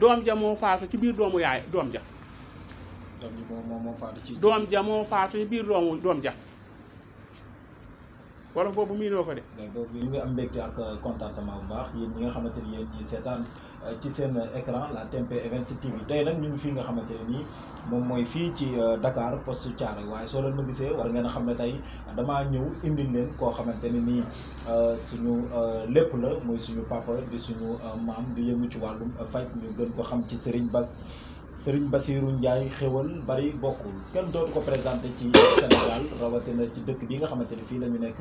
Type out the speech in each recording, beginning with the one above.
doom ja moo faatu ci biir doomu yaay doom ja doom ja moo faatu ci biir doomu doom ja wala boobu miinoo ko de. boobu ñu ngi am mbégte ak euh, contentement bu baax yéen ñi nga xamante ni yéen ñi seetaan euh, ci seen écran la TMP Events TV tey nag ñu ngi fii nga xamante ne nii moom mooy fii ci euh, Dakar poste Thiaroye waaye soo leen ma gisee war ngeen a xam ne tey damaa ñëw indil leen koo xamante ne nii suñu lépp la muy suñu papa di suñu maam di yëngu ci wàllum faj ñu gën ko xam ci Serigne Bass. Serigne Bassirou Ndiaye xéwal bari bokkul kenn dootu ko présenté ci Sénégal rawatina ci dëkk bi nga xamante ni fii la ñu nekk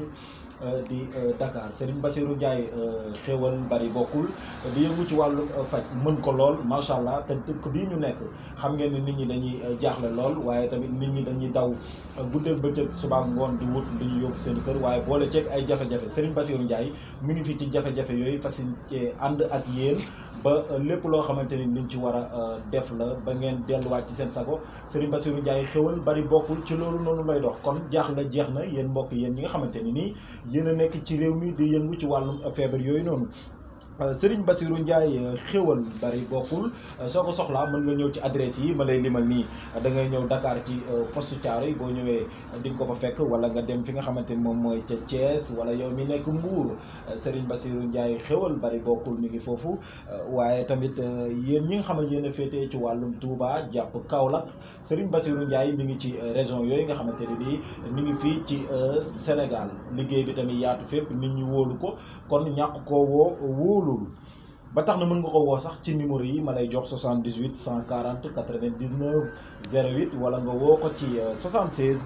euh, di euh, Dakar Serigne Bassirou Ndiaye euh, xéwal bari bokkul di yëngu ci wàllu faj mën ko lool macha allah te dëkk bii ñu nekk xam ngeen ni nit ñi dañuy jaaxle lool waaye tamit nit ñi dañuy daw guddeeg bëccëg subaa ngoon di wut li ñu yóbbu seen kër waaye boole ceeg ay jafe-jafe Serigne Bassirou Ndiaye mi ngi fi ci jafe-jafe yooyu fas yéene ànd ak yéen ba lépp loo xamante ni liñ ci war a def la. ba ngeen delluwaat ci seen sago Serigne Bassirou Ndiaye xéwal bari bokkul ci loolu noonu lay dox kon jaax jaaxle jeex na yéen mbokk yéen ñi nga xamante ni nii yéen a nekk ci réew mi di yëngu ci wàllum feebar yooyu noonu Euh, Sëriñ Bassirou Ndiaye euh, xéwal bari bokkul euh, soo ko soxlaa mën nga ñëw ci adresse yi ma lay limal nii da ñëw dakaar ci poste Thiaroye boo ñëwee di nga ko fekk wala nga dem fi nga xamante ni moom mooy ca Thiès wala yow mi nekk Mbour Sëriñ Bassirou Ndiaye xéwal bari bokkul mi ngi foofu waaye tamit yéen ñi nga xam ne féetee ci wàllum Touba jàpp Kaolack Sëriñ Bassirou Ndiaye mu ngi ci région yooyu nga xamante ne nii mi ngi fii ci Sénégal liggéey bi tamit yaatu fépp nit ñi wóolu ko kon ñàkk koo woo loolu ba tax na mën nga ko woo sax ci numéro yi ma lay jox 78 140 99 08 wala nga woo ko ci 76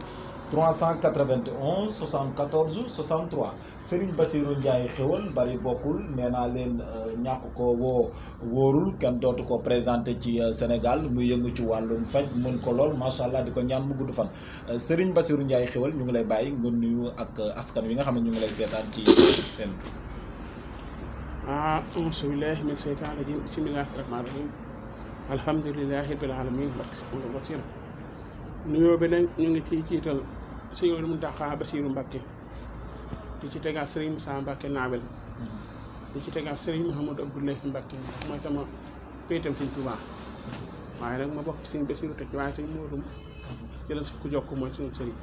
391 74 63 Serigne Bassirou Ndiaye xéwal bari bokkul nee naa leen euh, ñàkk ko woo wóorul kenn dootu ko présenté ci euh, Sénégal muy yëngu ci wàllum faj mën ko lool macha allah di ko ñaan mu gudd fan. Euh, Serigne Bassirou Ndiaye xéwal ñu ngi lay bàyyi nga nuyu ak askan wi nga xam ne ñu ngi lay seetaan ci seen. auzu billaahi min seytaan rajiim bismillaahi rahmaani rahiim alhamdulillaahi rabbil aalamiin basir nuyoo bi nag ñu ngi ciy jiital Sëriñ Muntaxa Basiiru Mbàkke di ci tegaat Sëriñ Musaa Mbàkke naawel di ci tegaat Sëriñ Muhammadu Abdullaahi Mbàkke mooy sama péetam si Tuubaa waaye nag ma bokk Sëriñ Basiiru teg waaye Sëriñ Moodu jëlam si ku jokk mooy suñu sëriñ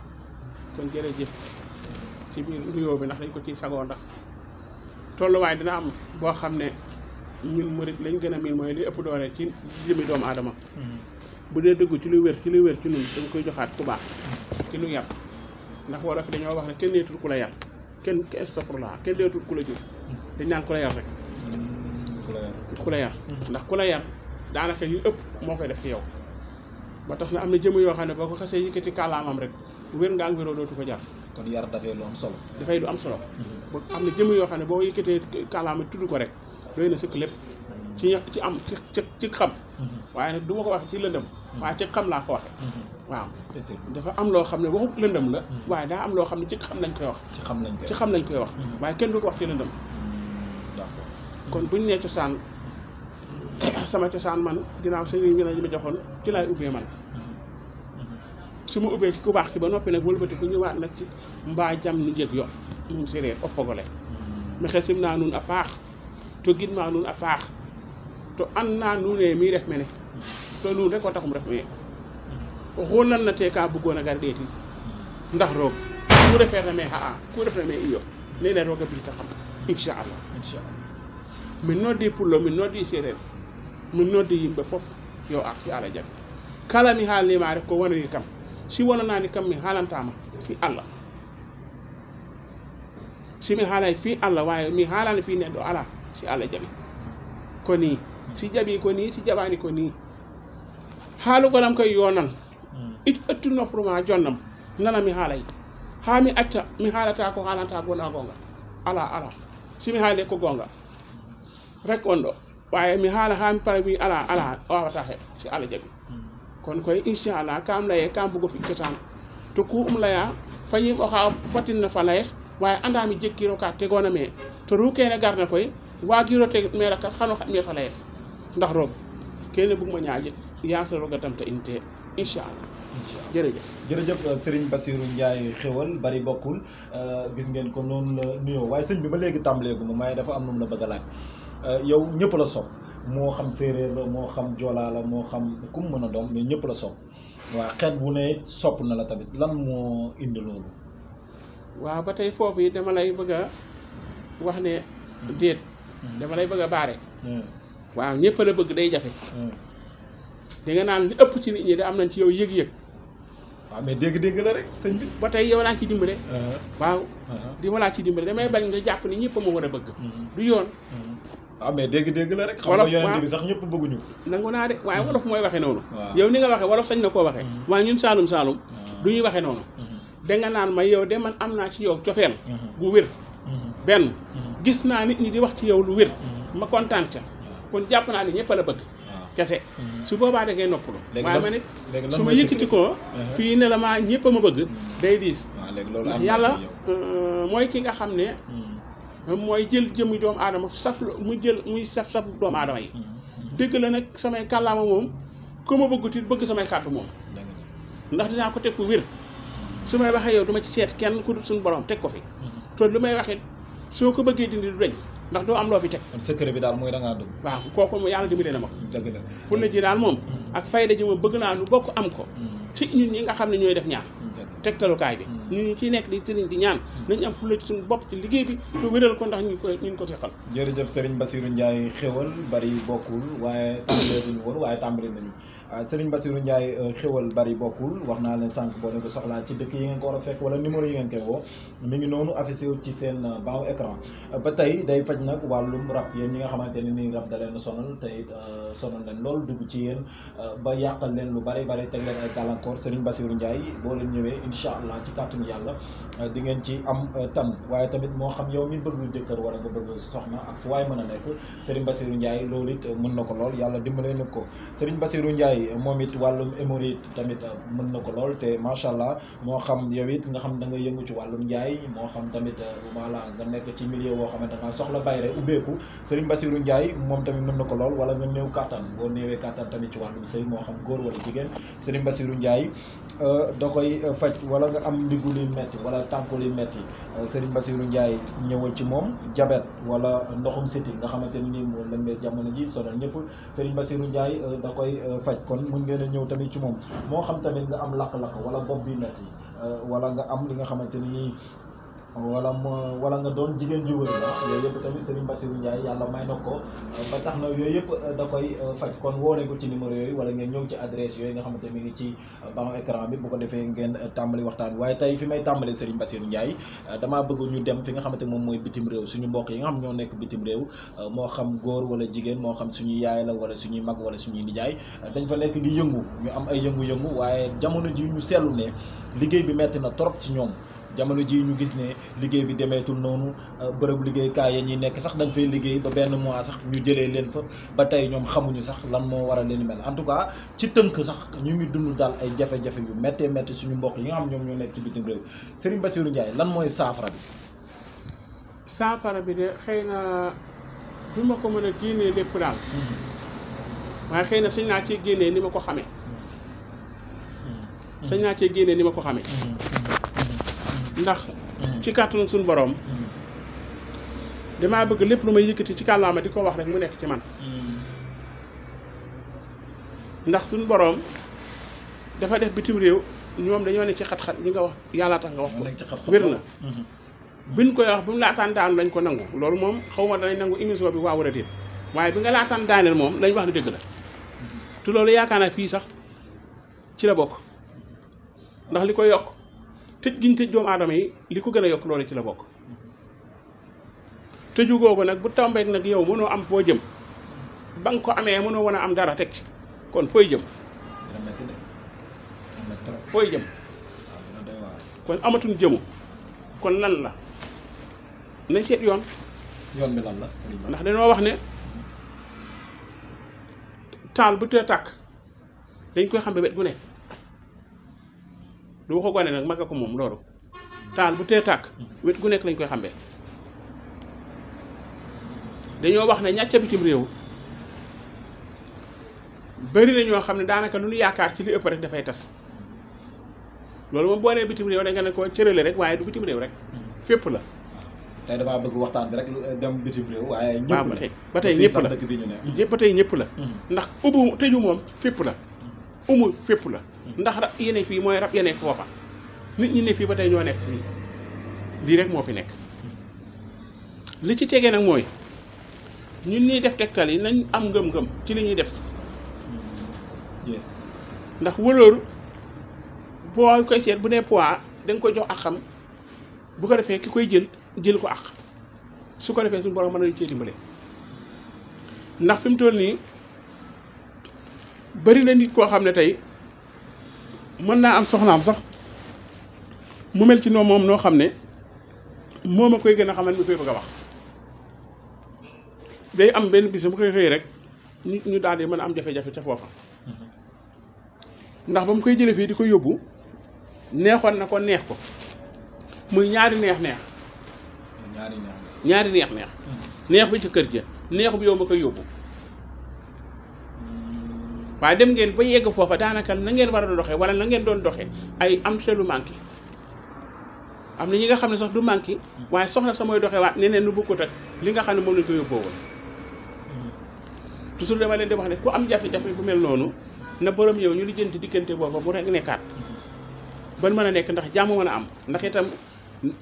kon jërëjëf ci biir nuyoo bi ndax dañ ko ci sagoo ndax tolluwaay dina am boo xam ne ñun murit lañ gën a miin mooy li ëpp doole ci jëmi doomu aadama mm-hmm. bu dee dëgg ci lu wér ci lu wér ci nun dañ koy joxaat ku baax ci nu yar ndax wolof dañoo wax ne kenn neetul ku la yar kenn astafurlaa kenn deetul ku la jur mm-hmm. dañ naan ku la yar rek mm-hmm. ndax ku la yar daanaka yi ëpp moo koy def ci yow ba tax na am na jëmm yoo xam ne boo ko xasee yëkkati kàllaamam rek wér ngaa wéroo dootu ko jar kon yar dafay lu solo. dafay lu am solo. am na jëmm yoo xam ne boo yëkkatee kàllaama tudd ko rek doy na sëkk lépp ci ci am ci ci xam. waaye nag du ma ko wax ci lëndëm. waaye ci xam laa ko waxee. dafa am loo xam ne waxu lëndëm la. waaye daa am loo xam ne ci xam lañ koy wax. ci xam lañ koy wax ci xam lañ koy wax. waaye kenn du ko wax ci lëndëm. kon bu ñu nee cosaan sama cosaan man ginnaaw sëriñ bi na ma joxoon ci laay ubbee man. su ma ubbee ci ku baax ki ba noppi nag wëlbati ku ñëwaat nag ci mbaa jam ni njëg yo moom sere o fogole mm. mexe sim naa nun a paax to gin maa nun a paax to an naa e mi mene to nun rek ko taxum def mene mm. oxu nan na te ka bëggoon a gar deetin ndax roog ku refeer na mee xa'a ku na mee iyo nene roog a biita xam inchallah min noddi pullo min noddi séréer min noddi yimbe fof yo ak ci ala jag kala mi rek ko wonani kam si siwananaani kam mi haalantama fi allah simi haalay fi allah way mi haalani fi neɗɗo ala si allah jaaɓi ko si jaaɓi ko ni si jaɓani ko ni haalugolam koye yonan hmm. it ëttu nofruma jonnam nana mi haalay ha mi acca mi haalata ko haalanta gona gonga ala ala simi haali ko gonga rek on ɗo waye mi haala ha mi para wi ala ala o wawata he si allah jaaɓi kon koy inchallah kam laye kam bugo fi cosan to ku um laya fayim oxa fatinna fa layes waye andami jekkiro ka tegona me to ru kene garna koy wagiro teg rakas xano xaƴ me fa layes ndax roog kene buguma ñaaƴe yaasa roga damta in te inchallah incha allah jërëjëf jërëjëf euh, Serigne Bassirou Ndiaye xéwal bari bokkul euh, gis ngeen ko noonu la nuyoo waaye sëñ bi ba léegi tàmbaleegu ma dafa am nu mu la bëgg laaj euh, yow ñëpp la moo xam séeréer moo xam joolaa la moo xam ku mu mën a doon mais ñëpp la sopp waa xeet bu ne sopp na la tamit lan moo indi loolu. waaw ba tey foofu yi dama lay bëgg wax ne dama lay bëgg a baare. Hmm. waaw ñëpp la bëgg day jafe. Hmm. di nga naan li ëpp ci nit ñi da am nañ ci yow yëg-yëg. waaw mais dégg-dégg la rek sëñ bi. ba tey yow laa ci dimbale. Uh-huh. waaw uh-huh. di ma laa ci dimbale damay bañ nga jàpp ni ñëpp ma war a bëgg. Hmm. du yoon. waaw ah, mais dégg-dégg la rek. wolof xam nga yonent bi sax ñëpp bëgguñu ko. nangu naa de waaye hmm. wolof mooy waxe noonu. yow ni nga waxe wolof sañ na koo waxe hmm. waaye ñun saalum saalum hmm. du ñuy waxe noonu. danga naan ma yow de man am naa ci yow cofeel gu wér. benn gis naa nit ñi di wax ci yow lu wér. ma kontaan ca kon jàpp naa ne ñëpp la bëgg. kese su boobaa da ngay noppalu. waaye ma ne su ma yëkkati ko fii ne la maa ñëpp a ma bëgg. day diis. yàlla euh, mooy ki nga xam ne. mooy jël jëmm doomu aadama saf mu jël muy saf saf doomu aadama yi. dëgg la nag samay kàllaama moom ku ma bëggutit bëgg samay kàddu moom. ndax dinaa ko teg fu wér. su may waxee yow duma ci seet kenn ku suñ suñu borom teg ko fi. te lu may waxit soo ko bëggee dindi du deñ ndax doo am loo fi teg. secret bi daal mooy da ngaa dugg. waaw kooku moom yàlla dimbalee na ma ko. dëgg la fu ne daal moom. ak fayda ji moom bëgg naa nu bokk am ko. Mm. ci ñun ñi nga xam ne ñooy def ñaa mm. teg talukaay bi. Mm. ñu ñu ciy nekk di sëriñ di ñaan hmm. nañ am fulla ci suñu bopp ci liggéey bi te wéral ko ndax ñu ko ñu ko seqal jërëjëf sëriñ Bassirou Ndiaye xéwal bari bokkul waaye tàmbale duñu woon waaye tàmbale nañu ah, sëriñ Bassirou Ndiaye euh, xéwal bari bokkul wax naa leen sànq boo leen ko ci dëkk yi ngeen ko war a fekk wala numéro yi ngeen koy woo mi ngi noonu affiché wu ci seen euh, baaw écran euh, ba tey day faj nag wàllum rab yéen ñi nga xamante ne nii rab da leen sonal tey sonal leen loolu dugg ci yéen ba yàqal leen lu bari bari teg leen ay gàllankoor sëriñ boo leen ñëwee incha kàttanu yàlla euh, di ngeen ci am euh, tan waaye tamit moo xam yow mi bëgg jëkkër wala nga bëgg soxna ak fu waaye mën a nekk Serigne Bassirou njaay loolu it euh, mën na ko lool yàlla dimbalee na ko Serigne Bassirou Ndiaye moom it wàllum émori tamit mën na ko lool te macha allah moo xam yow it nga xam da nga yëngu ci wàllum njaay moo xam tamit voilà nga nekk ci milieu boo xam ne da ngaa soxla bayre ubbeeku Serigne Bassirou Ndiaye moom tamit mën na ko lool wala nga néew kàttan boo néewee kàttan tamit ci wàllum sëy moo xam góor wala jigéen Serigne Bassirou Ndiaye Euh, da koy euh, faj wala nga am ndiggu luy metti wala tànku luy metti euh, Serigne Bassirou Ndiaye ñëwal ci moom jabet wala ndoxum siti nga xamante ni moo lëmbee jamono ji sonal ñëpp Serigne Bassirou Ndiaye da koy faj kon mun ngeen a ñëw tamit ci moom moo xam tamit nga am lakk-lakk wala bopp bi metti wala nga am li nga xamante ni wala ma wala nga doon jigéen ju wër la ah, yooyu yëpp tamit Serigne Bassirou Ndiaye yàlla may na ko ah, ba tax na yooyu yëpp ah, da koy faj kon woone ko ci numéro yooyu wala ngeen ñëw ci adresse yooyu nga xamante mi ngi ci ban ko defee ngeen tàmbali waxtaan waaye tey fi may tàmbali Serigne Bassirou Ndiaye damaa bëgg ñu dem fi xamante moom mooy bitim réew suñu mbokk yi nga xam ñoo nekk bitim réew moo xam góor wala jigéen moo xam suñu yaay la wala suñuy mag wala suñuy nijaay dañ fa lekk di yëngu ñu am ay yëngu-yëngu waaye jamono ji ñu seetlu ne liggéey bi metti na trop ci ñoom jamono jii ñu gis ne liggéey bi demeetul noonu euh, bërëb liggéeykaay ya ñuy nekk sax dañ fay liggéey ba benn mois sax ñu jëlee leen fa ba tey ñoom xamuñu sax lan moo war a leen mel en tout cas ci tënk sax ñu ngi dund daal ay jafe-jafe yu mettee métti suñu mboq yi nga xam ñoom ñoo nekk ci bitim réew Serigne Bassirou Ndiaye lan mooy saafara bi. saafara bi de xëy na du ma ko mën a génnee lépp daal. Mm-hmm. waaye xëy na sañ naa cee génnee ni ma ko xamee. Mm-hmm. sañ cee génnee ni ma ko xamee. Mm-hmm. ndax ci carton sun borom dama bëgg lepp lu may yëkkati ci kàllaama diko wax rek mu nekk ci man ndax sun borom dafa def bitim rew ñoom dañu ne ci xat-xat li nga wax yalla tax nga wax ko mhm. buñ koy wax buñ la laataan lañ ko nangu loolu moom xawma dañ nangu émission bi waawu war a waaye bi nga laataan daaneel moom lañ wax ni dëgg la te loolu yaakaar na fii sax ci la bokk ndax li ko yokk tëj gi ñu tëj doomu aadama yi li ko gën a yokk loolu ci la bokk tëju googu nag bu tàmbeek nag yow mënoo am foo jëm ba nga ko amee mënoo wan a am dara teg ci kon fooy jëm fooy jëm ah, kon amatuñ jëmu kon lan la nañ seet yoon yoon bi lan ndax dañoo wax ne taal bu te tàkk dañ koy xam ba wet gu nekk du waxu gone nag mag a ko moom loolu taal bu te tàkk wet gu nekk lañ koy xambee dañoo wax ne ñàcca bitim réew bari na ñoo xam ne daanaka lu ñu yaakaar ci li ëpp rek dafay tas loolu moom boo nee bitim réew da nga rek waaye du bitim rek fépp la. tey damaa bëgg waxtaan bi ba tey ba tey la dëkk bi tey ñëpp la. Mm. ndax ubu tëju moom fépp la umu fépp la. ndax rab yi ne fii mooy rab ya foofa nit ñi ne fii ba tey ñoo nekk fii lii rek moo fi nekk li ci tege nag mooy ñun ñuy def tegtal yi nañ am ngëm-ngëm ci li ñuy def ndax wëlóoru boo koy seet bu ne poids da nga koy jox ak xam bu ko defee ki koy jël jël ko ak su ko defee suñu borom mën nañu cee dimbale ndax fi mu toll nii bari na nit koo xam ne tey mën naa am soxnaam sax mu mel ci noo moom noo xam ne moom a koy gën a xamal mi koy bëgg a wax day am benn bis mu koy xëy rek ñu ñu daal di mën a am jafe-jafe ca foofa ndax ba mu koy jëlee fii di ko yóbbu neexoon na ko neex ko muy ñaari neex-neex. ñaari neex-neex. ñaari neex bi mm-hmm. ci kër gi neex bi yow ma koy yóbbu. waaye dem ngeen ba yegg foofa daanaka na ngeen war a doon doxee wala na ngeen doon doxee ay am te lu manqué am na ñi nga xam ne sax du manqué waaye soxna sa mooy doxee waat neneen lu bokkut ak li nga xam ne moom lañ ko yóbboo woon toujours leen di wax ne ku am jafe bu mel noonu na borom yow ñu lijjanti diggante booba bu rek nekkaat ban mën a nekk ndax jàmm mën a am ndax itam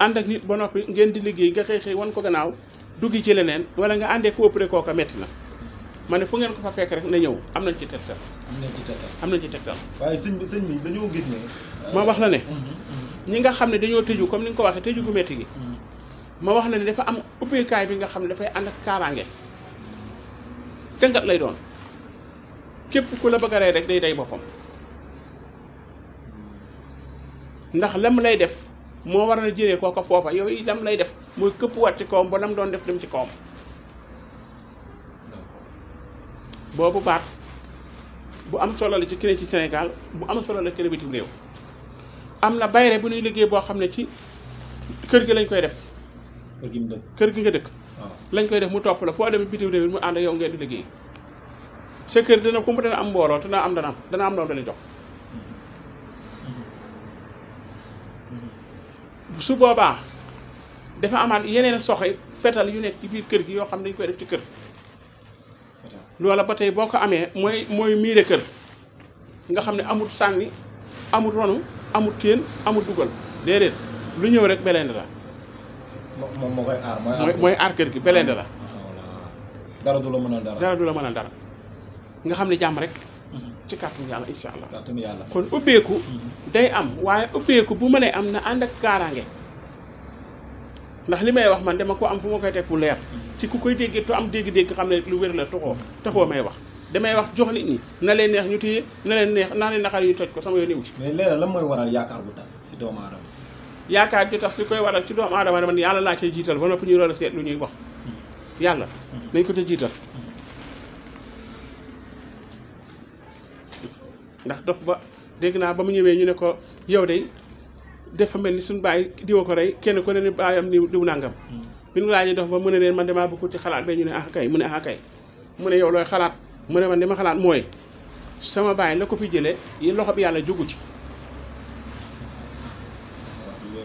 ànd ak nit ba noppi ngeen di liggéey ga xëy xëy wan ko gannaaw duggi ci leneen wala nga àndee coopéré kooka metti na ma ne fu ngeen ko fa fekk rek na ñëw am nañ ci tegtal. am nañ ci tegtal waaye sëñ bi sëñ bi dañoo gis ne. Euh, ma wax la ne. Mhm, mhm. ñi nga xam ne dañoo tëju comme ni nga ko waxee tëju gu métti gi. Mhm. ma wax la ne dafa am ubbeekaay bi nga xam ne dafay ànd ak kaaraange. jàngat lay doon képp ku la bëgg rek day day boppam ndax lam lay def moo war na jëlee kooka foofa yooyu lam lay def mooy këpp wat ci kawam ba lam doon def dem ci kawam. boobu baat bu am solo la ci créé ci Sénégal bu am solo la créé bitim réew am na bayre bu ñuy liggéey boo xam ne ci kër gi lañ koy def. kër gi mu kër gi nga dëkk. Ah. lañ koy def mu topp la foo demee bitim réew mu ànd ak yow ngeen di liggéey sa kër dina ko dana am mbooloo te dana am dana am dana am loolu dana jox. su boobaa dafa amaat yeneen soxe fetal yu nekk ci biir kër gi yoo xam ne dañ koy def ci kër. loola ba tey boo ko amee mooy mooy miire kër nga xam ne amul sànni amul ronu amul téen amul dugal déedéet lu ñëw rek beleen la. moom moo koy aar mooy. aar kër gi beleen la. Ah, dara du la mënal dara dara du la mënal nga xam ne jàmm rek. Mhm. ci kàttanu yàlla incha allah. kàttanu kon ubbeeku. Mhm. day am waaye ubbeeku bu mënee am na ànd ak kaaraange. ndax li may wax man dama ko am fu ma koy teg fu leer ci ku koy déggee tu am dégg-dégg xam ne lu wér la taxoo taxoo may wax damay wax jox nit ñi na leen neex ñu téye na leen neex na leen naqar ñu toj ko sama yoon wu ci. mais leeral lan mooy waral yaakaar bu tas si doomu aadama. yaakaar ju tas li koy waral ci doomu aadama man yàlla laa cay jiital ba noppi ñu doon seet lu ñuy wax yàlla. nañ ko ca jiital. ndax dox ba dégg naa ba mu ñëwee ñu ne ko yow de def fa mel ni suñu bàyyi diwa ko kenn ko ne ni ni diw nangam hmm. bi ñu laajee dof ba mu ne leen man damaa ci xalaat ba ñu ne ah mu ne ah kay mu ne yow looy xalaat mu ne man dama xalaat mooy sama bàyyi la ko fi jëlee yi yàlla jugu ci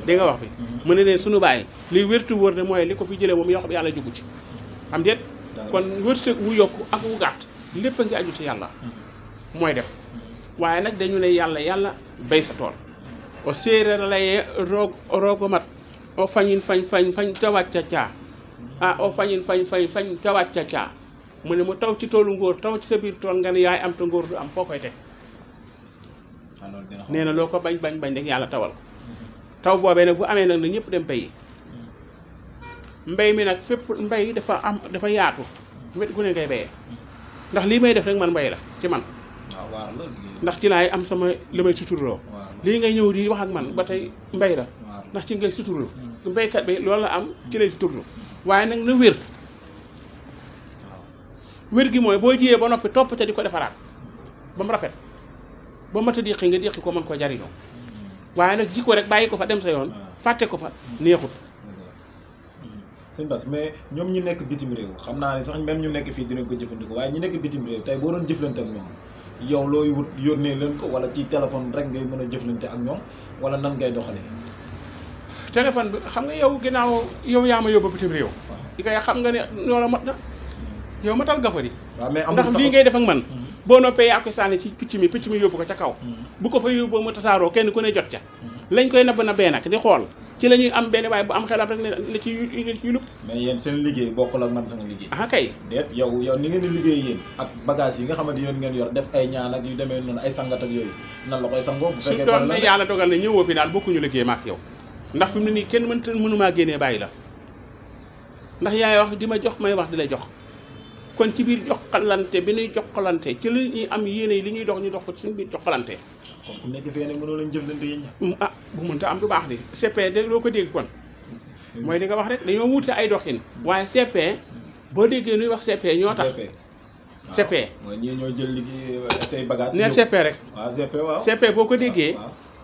dégg wax bi hmm. mu ne leen suñu bàyyi liy wértu wóor de mooy li ko fi jëlee moom loxo yàlla jugu ci xam déet kon wërsëg wu yokk ak wu gàtt lépp a ngi aju ci yàlla hmm. mooy def waaye nag dañu ne yàlla yàlla bay sa tool o seereer a leye roog roog o mat o fañin fañ fañ fañ ta wàcca caa ah o fañin fañ fañ fañ ta wàcca caa mu ne mu taw ci toolu ngóor taw ci sa biir tool nga ne yaay am te ngóor du am foo koy teg nee na loo ko bañ bañ bañ rek yàlla tawal ko taw boobee nag bu amee nag na ñëpp dem mbéy mbéy mi nag fépp mbéy dafa am dafa yaatu wet gu ne ngay béyee ndax lii may def rek man mbéy la ci man ndax ci laay am sama li may suturloo lii ngay ñëw di wax ak man ba tey mbay la ndax ci ngay suturloo mbaykat hmm. bi loolu la am ci hmm. lay suturloo waaye nag na wér wér gi mooy boo jiyee ba noppi top ca di ko defaraat ba mu rafet ba mat a diqi nga diqi ko mën koo jariñoo hmm. waaye nag ji ko rek bàyyi ko fa dem sa yoon fàtte ko fa neexut sëñ Bass mais ñoom ñi nekk bitim réew xam naa ne sax même ñu nekk fii dina ko jëfandikoo waaye ñi nekk bitim réew tey boo doon jëflante ak ñoom yow looy wut yónnee leen ko wala ci téléphone rek ngay mën a jëflante ak ñoom wala nan ngay doxalee. téléphone bi xam nga yow ginnaaw yow yaa ma yóbbu bitim réew. di koy xam nga ne loola mat na yow matal nga ko di. waaw mais amul sax ndax lii ngay def man. Hmm. boo noppee yaa ko sànni ci picc mi picc mi yóbbu ko ca kaw. Hmm. bu ko fa yóbboo ma tasaaroo kenn ku ne jot ca. Hmm. lañ koy nabba nabbee nag di xool. ci lañuy am benn waaye bu am xelaat rek ne ci yu mais yéen seen liggéey bokkul ak man sama liggéey ah kay déet yow yow ni ngeen di liggéey yéen ak bagage yi nga xamante yéen ngeen yor def ay ñaan ak yu demee noonu ay sangat ak yooyu nan la koy sangoo bu fekkee doon ne yàlla dogal ne ak yow ndax fi mu ne nii kenn mënta mënumaa bàyyi la ndax yaay wax di ma jox may wax di la jox kon ci biir joxalante bi ñuy joxalante ci li ñuy am yéene li ñuy dox ñu dox ko ci biir joxalante kon ku nekk fee nag mënoo leen jëflante yéen ña mm, ah bu mënta am du baax de CP de loo ko dégg kon mooy di nga wax rek dañoo wuute ay doxin waaye CP boo déggee nuy wax CP ñoo tax CP mooy ñii ñoo jël liggéey say ne CP rek waaw boo ko déggee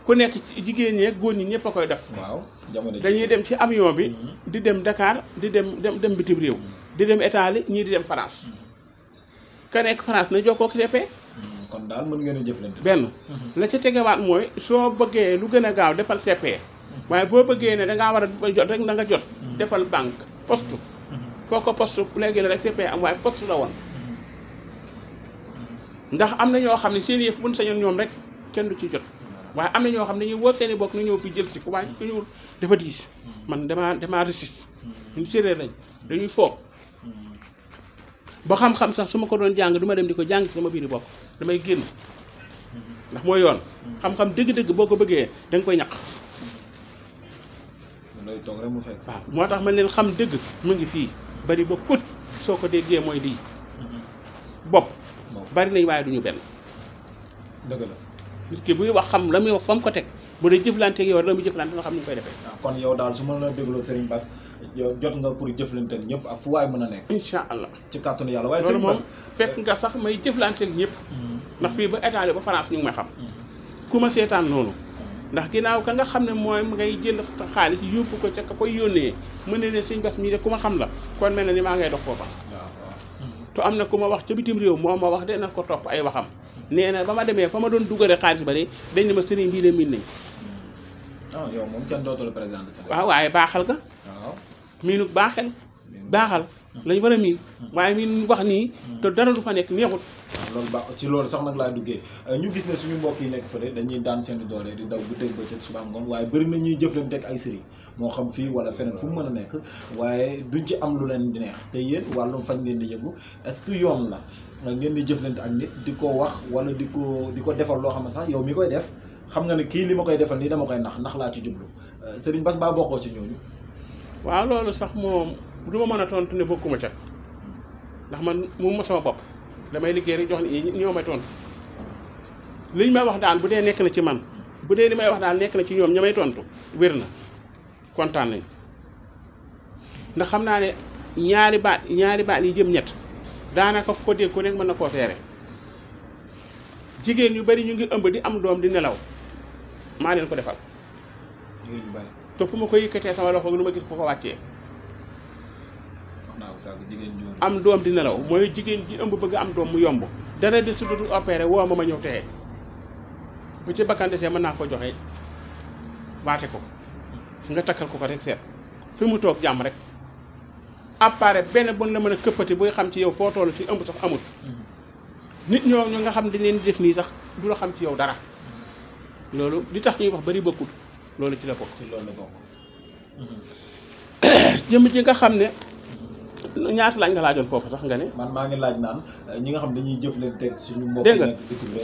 ku nekk jigéen ñi ak góor ñi ñëpp a koy def waaw jamono dañuy dem ci avion bi mm-hmm. di dem ndakaar di dem dem dem bitim réew mm-hmm. di dem Italie ñii di dem France ka nekk France na jokkoo ak kon daal mën ngeen a benn la ca tegewaat mooy soo bëggee lu gën a gaaw defal CPE. waaye boo bëggee ne dangaa war a jot rek na jot. defal banque poste. foo ko poste léegi la rek CPE am waaye post la woon. ndax am na ñoo xam ne seen yëf buñ sañoon ñoom rek kenn du ci jot. waaye am na ñoo xam ne ñu woo seen bokk ñu ñëw fi jël ci ko waaye ku ñëwul dafa diis. man damaa damaa résiste. ñun séeréer lañ dañuy foog. ba xam-xam sax su ma ko doon jàng du ma dem di ko jàng sama biir bopp damay génn ndax mooy yoon. xam-xam dëgg-dëgg boo ko bëggee da koy ñaq. looy toog rek mu fekk. waaw moo tax man leen xam dëgg mu ngi fii bari ba kut soo ko déggee mooy lii. Mhm. bopp bari nañ waaye du ñu benn. dëgg la. nit ki buy wax xam la muy wax fa mu ko teg bu dee jëflante ak yow la muy jëflante nga xam ni ñu koy defee. Ah, kon yow daal su ma la dégloo Serigne Bass. yow jot nga pour jëflanteeg ñëpp ak fu waay mën a nekk. incha allah ci kàttanu loolu moom fekk nga sax may jëflanteeg ñëpp. Mm-hmm. ndax fii ba Italie ba France ñu ngi may xam. Mm-hmm. ku ma seetaan noonu. ndax ginnaaw ka nga xam ne mooy ngay jël xaalis yóbbu ko ca ka koy yónnee mu ne leen sëñ mii de ku ma xam la kon mel na ni maa ngay dox foofa. Mm-hmm. te am na ku ma wax ca bitim réew moo ma wax de na ko topp ay waxam. nee na ba ma demee fa ma doon dugale xaalis ba de dañ ne ma sëriñ bii de miin ah, yow moom kenn dootul miinu baaxel baaxal lañ war a miin waaye miin wax nii te dara du fa nekk neexut loolu baax ci loolu sax nag laa duggee euh, ñu gis ne suñu mbokk yi nekk fële dañuy daan seen doole di daw guddeeg bëccëg suba ngoon waaye bari na ñuy jëflanteeg ay sëriñ moo xam fii wala feneen fu mu mën a nekk waaye duñ ci am lu leen di neex te yéen wàllum fañ leen di yëngu est-ce que yoon la euh, ngeen di jëflante ak nit di ko wax wala di ko di ko defal loo xam ne sax yow mi koy def xam nga ne kii li ma koy defal nii dama koy nax nax laa ci jublu euh, sëriñ Bass Ba bokkoo si ñooñu waaw loolu sax moom du ma mën a tontu ne bokkuma ca ndax man moom ma sama bopp damay liggéey rek jox ni ñoo may tontu liñ may wax daal bu dee nekk na ci man bu dee li may wax daal nekk na ci ñoom ña may tontu wér na kontaan nañ ndax xam naa ne ñaari baat ñaari baat yi jëm ñett daanaka ko dégg ko nekk mën na koo feere jigéen yu bari ñu ngi ëmb di am doom di nelaw maa leen ko defal. te fu ma ko yëkkatee sama loxo lu ma gis ko ko wàccee. am doom di nelaw mooy jigéen ji ëmb bëgg am doom mu yomb. dara de su dul opéré woo ma ma ñëw teye bu ci bakkan desee mën naa ko joxe waate ko nga takkal ko ko rek seet fi mu toog jàmm rek appareil benn bon la mën a këppati booy xam ci yow foo toll ci ëmb sax amul. nit ñoo ñu nga xam dañ leen def nii sax du la xam ci yow dara loolu li tax ñuy wax bari bokkut. loolu ci la bokk. ci loolu la bokk. ci nga xam ne. ñaata laaj nga laajoon foofu sax nga ne. man maa ngi laaj naan eh, ñi nga xam dañuy jëflante suñu mbokk. dégg nga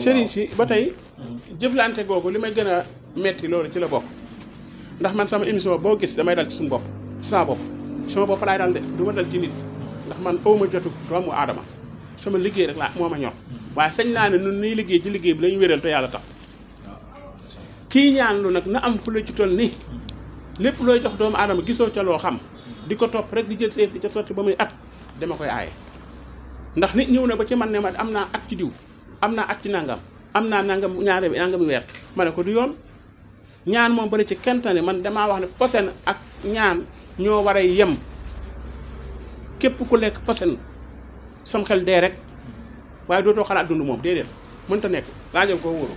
sëriñ si ba tey. Mm-hmm. Mm-hmm. jëflante googu li may gën a metti loolu ci la bokk. ndax man sama émission boo gis damay dal ci suñu bopp ci sama bopp sama bopp laay dal de du ma dal ci nit ndax man aw ma jotu doomu aadama sama liggéey rek laa moo ma ñor mm-hmm. waaye sañ naa ne nun niy liggéey ci liggéey bi lañu wéral te yàlla tax. kii ñaan lu nag na am fu la ci toll nii lépp looy jox doomu aadama gisoo ca loo xam di ko topp rek di jël seef di ca sotti ba muy at dama koy aaye ndax nit ñëw na ba ci man ne ma am naa at ci diw am na at ci nangam am naa nangam ñaare nangam weer ma ne ko du yoon ñaan moom ba bari ci kentane man damaa wax ne posen ak ñaan ñoo war a yem képp ku lekk posen sam xel dee rek waaye dootoo xalaat dund moom déedéet mënta nekk laajal ko wóoru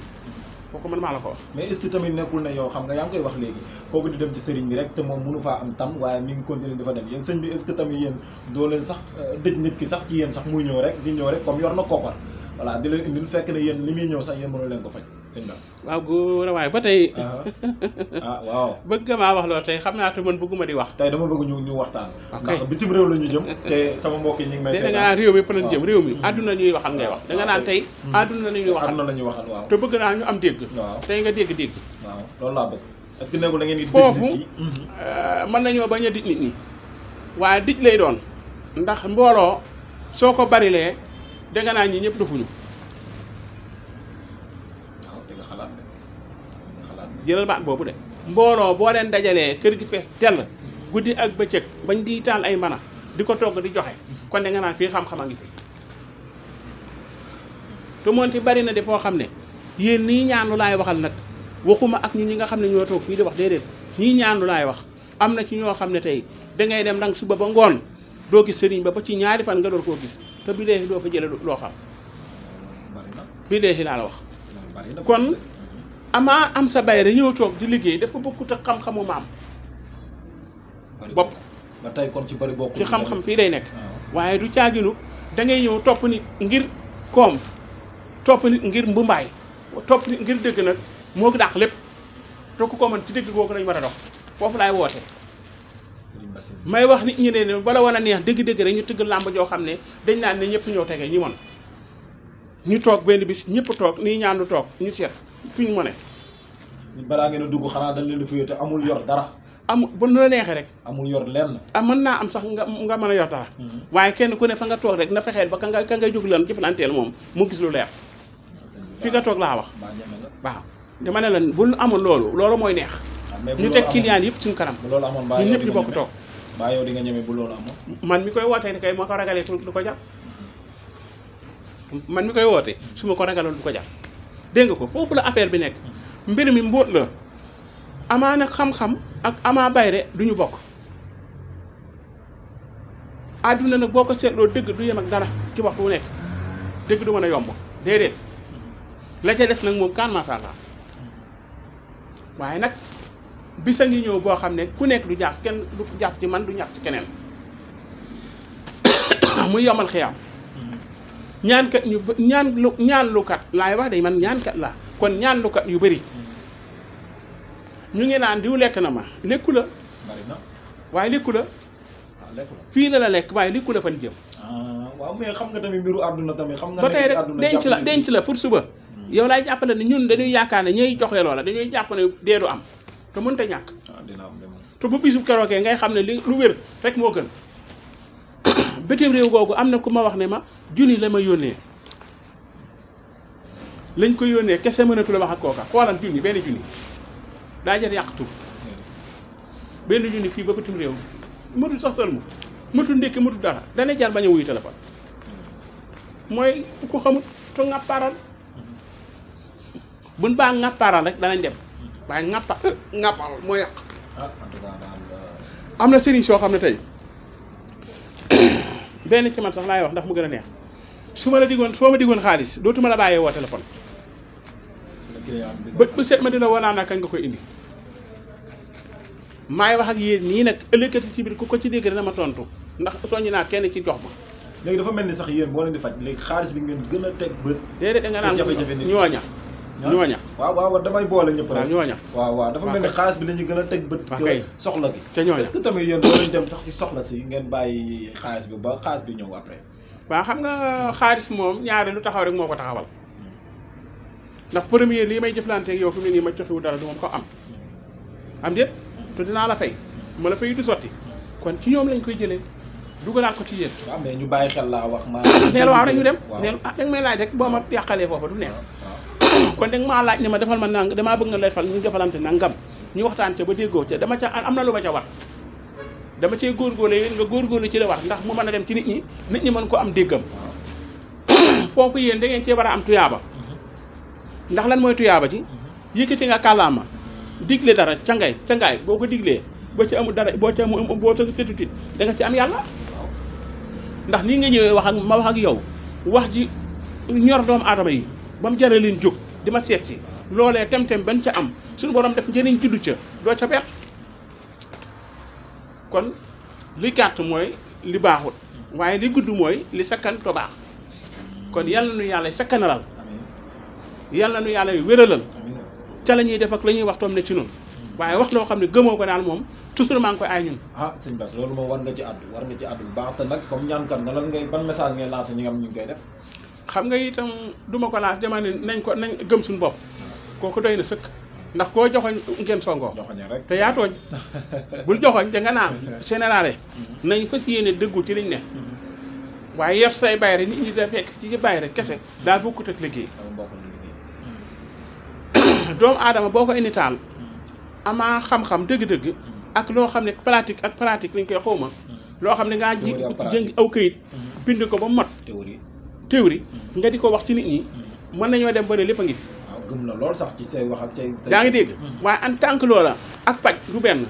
kooku man maa la ko wax. mais est-ce que tamit nekkul na yow xam nga yaa ngi koy wax léegi kooku di dem ci sëriñ bi rek te moom mënu faa am tam waaye mi ngi continuer dafa dem yéen sëñ bi est-ce tamit yéen doo leen sax euh, dëj nit ki sax ci yéen sax muy ñëw rek di ñëw rek comme yor na koppar voilà di leen indil fekk ne yéen li muy ñëw sax yéen mënu leen ko faj sëñ Bass waaw góor a waay ba tey. ah waaw. bëgg maa wax loolu tey xam naa te man bëgguma di wax. tey dama bëgg ñu ñu waxtaan. ndax bitim réew la ñu jëm. te sama mbokk yi ñu ngi may seetaan. da nga naan réew mi fa lañ jëm réew mi àdduna ñuy waxal ngay wax. da nga naan tey hmm. àdduna la ñuy waxal àdduna la ñuy waxal waaw. te bëgg naa ñu am dégg. waaw tey nga dégg-dégg. waaw loolu laa bëgg. est-ce que nekkul da ngeen di. foofu euh, mën nañoo bañ a dij nit ñi waaye dij lay doon ndax mbooloo soo ko barilee da nga naan ñi ñëpp jëlal baat boobu de mbooloo boo leen dajalee kër gi fees dell guddi ak bëccëg bañ di taal ay mbana di ko togg di joxe kon de nga naan fii xam-xam a ngi fi te moonte bari na de foo xam ne yéen nii ñaanu laay waxal nag waxuma ak ñu ñi nga xam ne ñoo toog fii di wax déedéet ñii ñaanu laay wax am na ci ñoo xam ne tey dangay dem dang suba ba ngoon doo gis sëriñ ba ba ci ñaari fan nga door koo gis te bi léegi doo fa jële loo xam bi léegi laa la wax amaa am sa bayre ñëw toog di liggéey dafa bokkut ak xam-xamu maam bopp tey kon ci bari bokk ci xam-xam fii day nekk waaye du caaginu dangay ñëw topp nit ngir koom topp nit ngir mbumbaay topp nit ngir dëgg nag moo ko dàq lépp te ku ko mën ci dëgg googu lañ war a dox foofu laay woote may wax nit ñi ne ne bala war a neex dégg dëgg rek ñu tëgg làmb joo xam ne dañ naa ne ñëpp ñëw tege ñi mën ñu tok benn bis ñepp tok ni ñaanu tok ñu seet fiñ mo ma ni bala ngeen duggu xana dañ leen di fuyee amul yor dara. am bu nu la neexee rek. amul yor lenn. am ah, mën naa am sax nga nga mëna a yor dara. Mhm. waaye kenn ku ne fa nga tok rek na fexeel ba ka nga ka nga jóg lan jëflanteel moom mu gis lu leer. fi nga tok la wax. ba dama ne lan bu nu amoon lolu loolu mooy neex. Ah, ñu tek client yépp ci kanam. bu loolu amoon ñun ñëpp di bokk tok ba yow di nga ñëmé bu lolu amoon. man mi koy waté ni kay moo ko ragalee du ko japp man mi koy woote su ma ko ragaloon du ko jar dégg nga ko foofu la affaire bi nekk mbir mi mbóot la amaa nag xam-xam ak amaa bayre du ñu bokk àdduna nag boo ko seetloo dëgg du yem ak dara ci waxtu wu nekk dëgg du mën a yomb déedéet la ca def nag moom kan macha allah waaye nag bis a ngi ñëw boo xam ne ku nekk du jaas kenn du jaas ci man du ñax ci keneen muy yomal xiyaam ñaankat ñu ñaan lu ñaan lukat laay wax day man ñaankat laa kon ñaan lukat yu bëri ñu ngi naan diw lekk na ma lekku la waaye ah, lekku la fii la la lekk waaye lekku la fan jëm ah, waaw mais xam nga tamit mbiru àdduna tamit xam nga ba tey rek denc la denc la pour suba hmm. yow laay jàppale ne ñun dañuy yaakaar ne ñuy joxe loola dañuy jàpp ne deedu am te mënta ñàkk ah, te bu bisu kerookee ngay xam ne li lu wér rek moo gën bitim réew googu am na ku ma wax ne ma junni la ma yónnee lañ ko yónnee kese mënatula wax ak kooka xoolam junni benn junni daa jar yàqtu benn junni fii ba bitim réew matul sax sëlmu matul ndékki matul dara dana jar bañ a wuyu mooy ku xamut tu ŋàppaaral buñ baa ŋàppaaral rek danañ dem waaye ŋàppa eh, ŋàppaaral moo yàq ah, euh, am na sëriñ soo xam ne tey benn ci man sax laay wax ndax mu gën a neex su ma la diggoon foo ma diggoon xaalis dootuma la bàyyee woo téléphone bët bu set ma dina woo naa kañ nga koy indi maay wax ak yéen nii nag ëllëgati ci biir ku ko ci dégg dana ma tontu ndax soññ naa kenn ci jox ma léegi dafa mel ni sax yéen boo leen di faj léegi xaalis bi ngeen gën a teg bët déedéet da nga naan ñooña ñu ma waaw waaw damay boole ñëpp rek ñu ma ñax waaw waaw dafa mel ni xaalis bi la gën a teg bët soxla gi ca ñooña est-ce que tamit yéen doo leen dem sax si soxla si ngeen bàyyi xaalis bi ba xaalis bi ñëw après waaw xam nga xaalis moom ñaari lu taxaw rek moo ko taxawal ndax premier lii may jëflante yow fi mu ne nii ma joxewu dara du moom ko am am déet te dinaa la fay ma la fay du sotti kon ci ñoom lañ koy jëlee dugalaat ko ci yéen. waaw mais ñu bàyyi xel laa wax ma neel waaw rek ñu dem. waaw ah, boo ma yàqalee foofa du neex. kon da nga maa laaj ne ma defal ma nang damaa bëgg nga lay fal ñu defalante nangam ñu waxtaan ca ba déggoo ca dama ca am na lu ma ca war dama cee góorgóorlu yéen nga góorgóorlu ci la war ndax mu mën a dem ci nit ñi nit ñi mën ko am déggam foofu yéen da ngeen cee war a am tuyaaba ndax lan mooy tuyaaba ji yëkkati nga kàllaama digle dara ca ngay ca ngaay boo ko diglee boo ci amul dara boo ci amul boo ci setutit da nga ci am yàlla ndax nii nga ñëwee wax ak ma wax ak yow wax ji ñor doomu aadama yi ba mu jëre leen jóg di ma seet ci loolee tem-tem ban ca am suñu borom def njëriñ juddu ca doo ca perte kon li gàtt mooy li baaxut waaye li gudd mooy li sakkan to kon yàlla na nu yàlla sakkanalal yal na nu yàlla wéralal ca la ñuy def ak la ñuy wax toom ne ci noonu waaye wax loo xam ne gëmoo ko daal moom toujours maa ngi koy aay ñun. Ah war nga ci àddu war baax te nag comme ñaankat nga lan ngay ban ñu koy def. xam nga itam du ma ko laaj jamono nañ ko nañ gëm suñu bopp kooku doy na sëkk ndax koo joxoñ ngeen songoo te yaa tooñ bul joxoñ da nga naan général mhm. nañ fas yéene dëggu ci liñ ne mhm. waaye yor say bàyyi rek nit ñi da fekk ci bàyyi rek kese mhm. daa bokkut ak liggéey doomu aadama boo ko indi taal amaa xam-xam dëgg-dëgg ak loo xam ne pratique ak pratique lañ koy xawma loo xam ne ngaa ji jëngi aw këyit bind ko ba mot théorie nga diko wax ci nit ñi man nañu dem ba lepp ngi gëm la lool sax ci say wax ak say da nga dégg mm. waaye en tant que loola ak paj du ben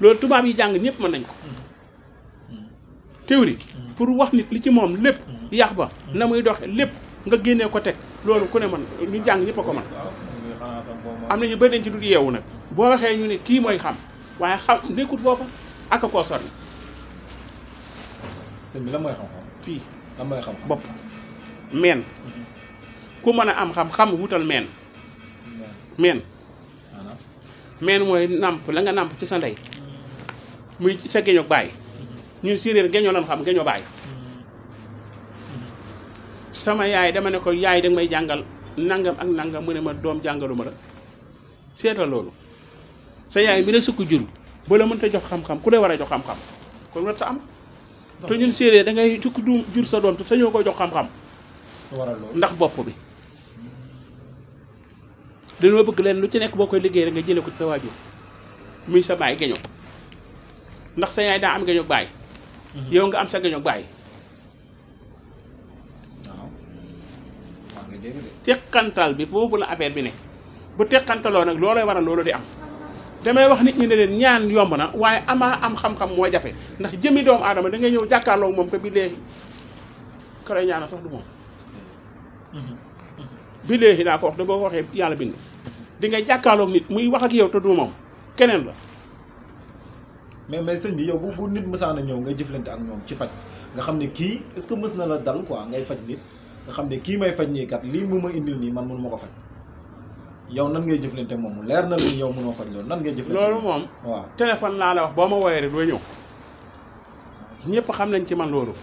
lool tubaab yi jang ñepp man nañ ko mm. théorie mm. pour wax nit li ci mom lepp yàq ba na muy doxe lepp nga gënné ko tek lool ku ne man ñu jang ñepp ko man amna ñu bëri ci dut yewu nak bo waxé ñu ni ki moy xam waye xam nekkut bofa ak ko koo sori sëñ bi la moy xam fi bopp meen ku mën a am xam xam wutal meen meen meen mooy nàmp la nga nàmp ci sa ndey muy sa géño bàyyi ñun séeréer géño lan xam géño bàyyi sama yaay dama ne ko yaay danga may jàngal nangam ak nangam mu ne ma doom jàngaluma la seetal loolu sa yaay mi la sukk jur ba la mënta jox xam-xam ku lay war a jox xam-xam kon war ta am te ñun séeréer dangay ngay du jur sa doom te sañoo koy jox xam-xam. ndax bopp bi. dañoo bëgg leen lu ci nekk boo koy liggéey rek nga jëlee ko ci sa waajur muy sa baay geño ndax sa yaay daa am geño baay. Mhm. yow nga am sa geño baay. teqantal bi foofu la affaire bi ne bu teqantaloo nag lay waral loolu di am. damay wax nit ñi ne leen ñaan yomb na waaye amaa am xam-xam moo jafe ndax jëmmi doomu aadama da ngay ñëw jàkkaarloog moom te bi léegi ko lay ñaanal sax du moom bi léegi daa ko wax da boo ko waxee yàlla bind di nga jàkkaarloog nit muy wax ak yow te du moom keneen la mais mais sëñ bi yow bu bu nit mësaan a ñëw ngay jëflante ak ñoom ci faj nga xam ne kii est-ce que mës na la dal quoi ngay faj nit nga xam ne kii may faj nii kat lii mu ma indil nii man mënu ma ko faj yow nan ngay jëflante moom mu leer na lu yow mënoo faj loolu nan ngay jëflante loolu moom waaw laa la wax boo ma woowee rek doo ñëw ñëpp xam nañ ci man loolu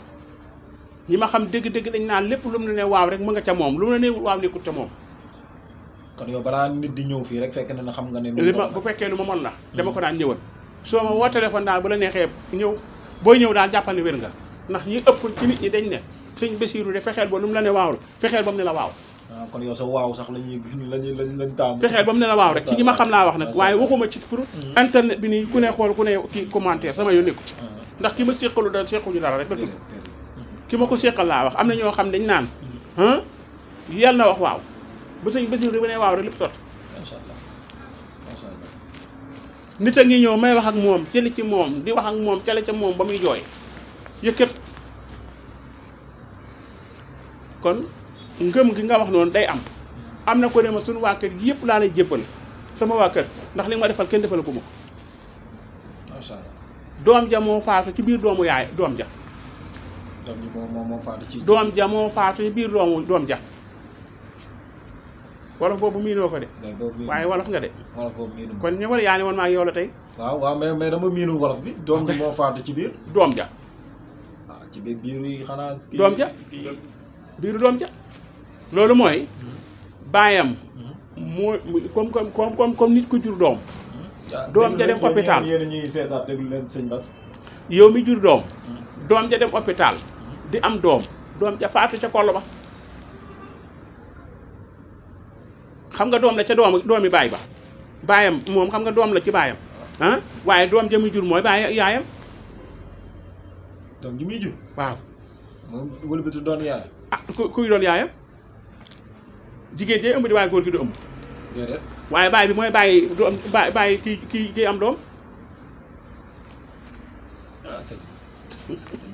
ñi ma xam dëgg dégg dañ naan lépp lu mu ne waaw rek mu nga ca moom lu mu ne waaw nekkul ca moom kon yow balaa nit di ñëw fii rek fekk na na xam nga ne li ma bu fekkee lu ma mën na hmm. dama ko daan ñëwal soo ma woo téléphone daal bu la neexee ñëw booy ñëw daal jàppal ne wér nga ndax ñi ëpp ci nit ñi dañ ne sëñ Basiiru de fexeel ba lu la ne waaw la ba mu ne la waaw Ah, kon yow sa waaw sax la ñuy la ñuy lañ taamu. fexeel ba mu ne la waaw rek ci ñi ma xam laa wax nag ah, waaye waxuma ci pour. Mm-hmm. internet bi nii ku ne xool ku ne kii commentaire sama yoon nekku ah, ndax ki ma seqalu da sequñu dara rek ba tudd. Mm-hmm. ki ma ko seqal laa wax am na ñoo xam dañ naan. Mm-hmm. yal na wax waaw ba sëñ Basiir bi ne waaw rek lépp tot. nit a ngi ñëw may wax ak moom jëli ci moom di wax ak moom jëli ca moom ba muy jooy yëkkat kon. ngëm gi nga wax noonu day am am na ko ne ma suñu waa kër yëpp laa lay jébbal sama waa ndax li ma defal kenn defal ko ma ko macha doom ja ci biir doomu yaay doom ja doom moo faatu ci biir doomu doom ja wolof boobu miinoo ko de waaye wolof nga de kon ñëwal yaa ne woon maa ngi bi doom ji ci biir doom ja ah, ci biir biiru yi xanaa doom ja biiru doom ja loolu mooy baayam moo comme comme comme comme nit ku jur doom. Ah, doom ja dem hôpital yéen ñuy leen sëñ yow mi jur doom. doom ja dem hôpital di am doom doom ja faatu ca koll ba xam nga doom la ca doom doomi baay ba baayam moom xam nga doom la ci baayam ah waaye doom ja muy jur mooy baay yaayam. doom ji muy jur. waaw. moom ah, ku kuy doon yaayam. jigéen jee ëmb di waaye góor gi du ëmb waaye baay bi mooy bàyyi du am bàyyi bàyyi ki ki ki am doom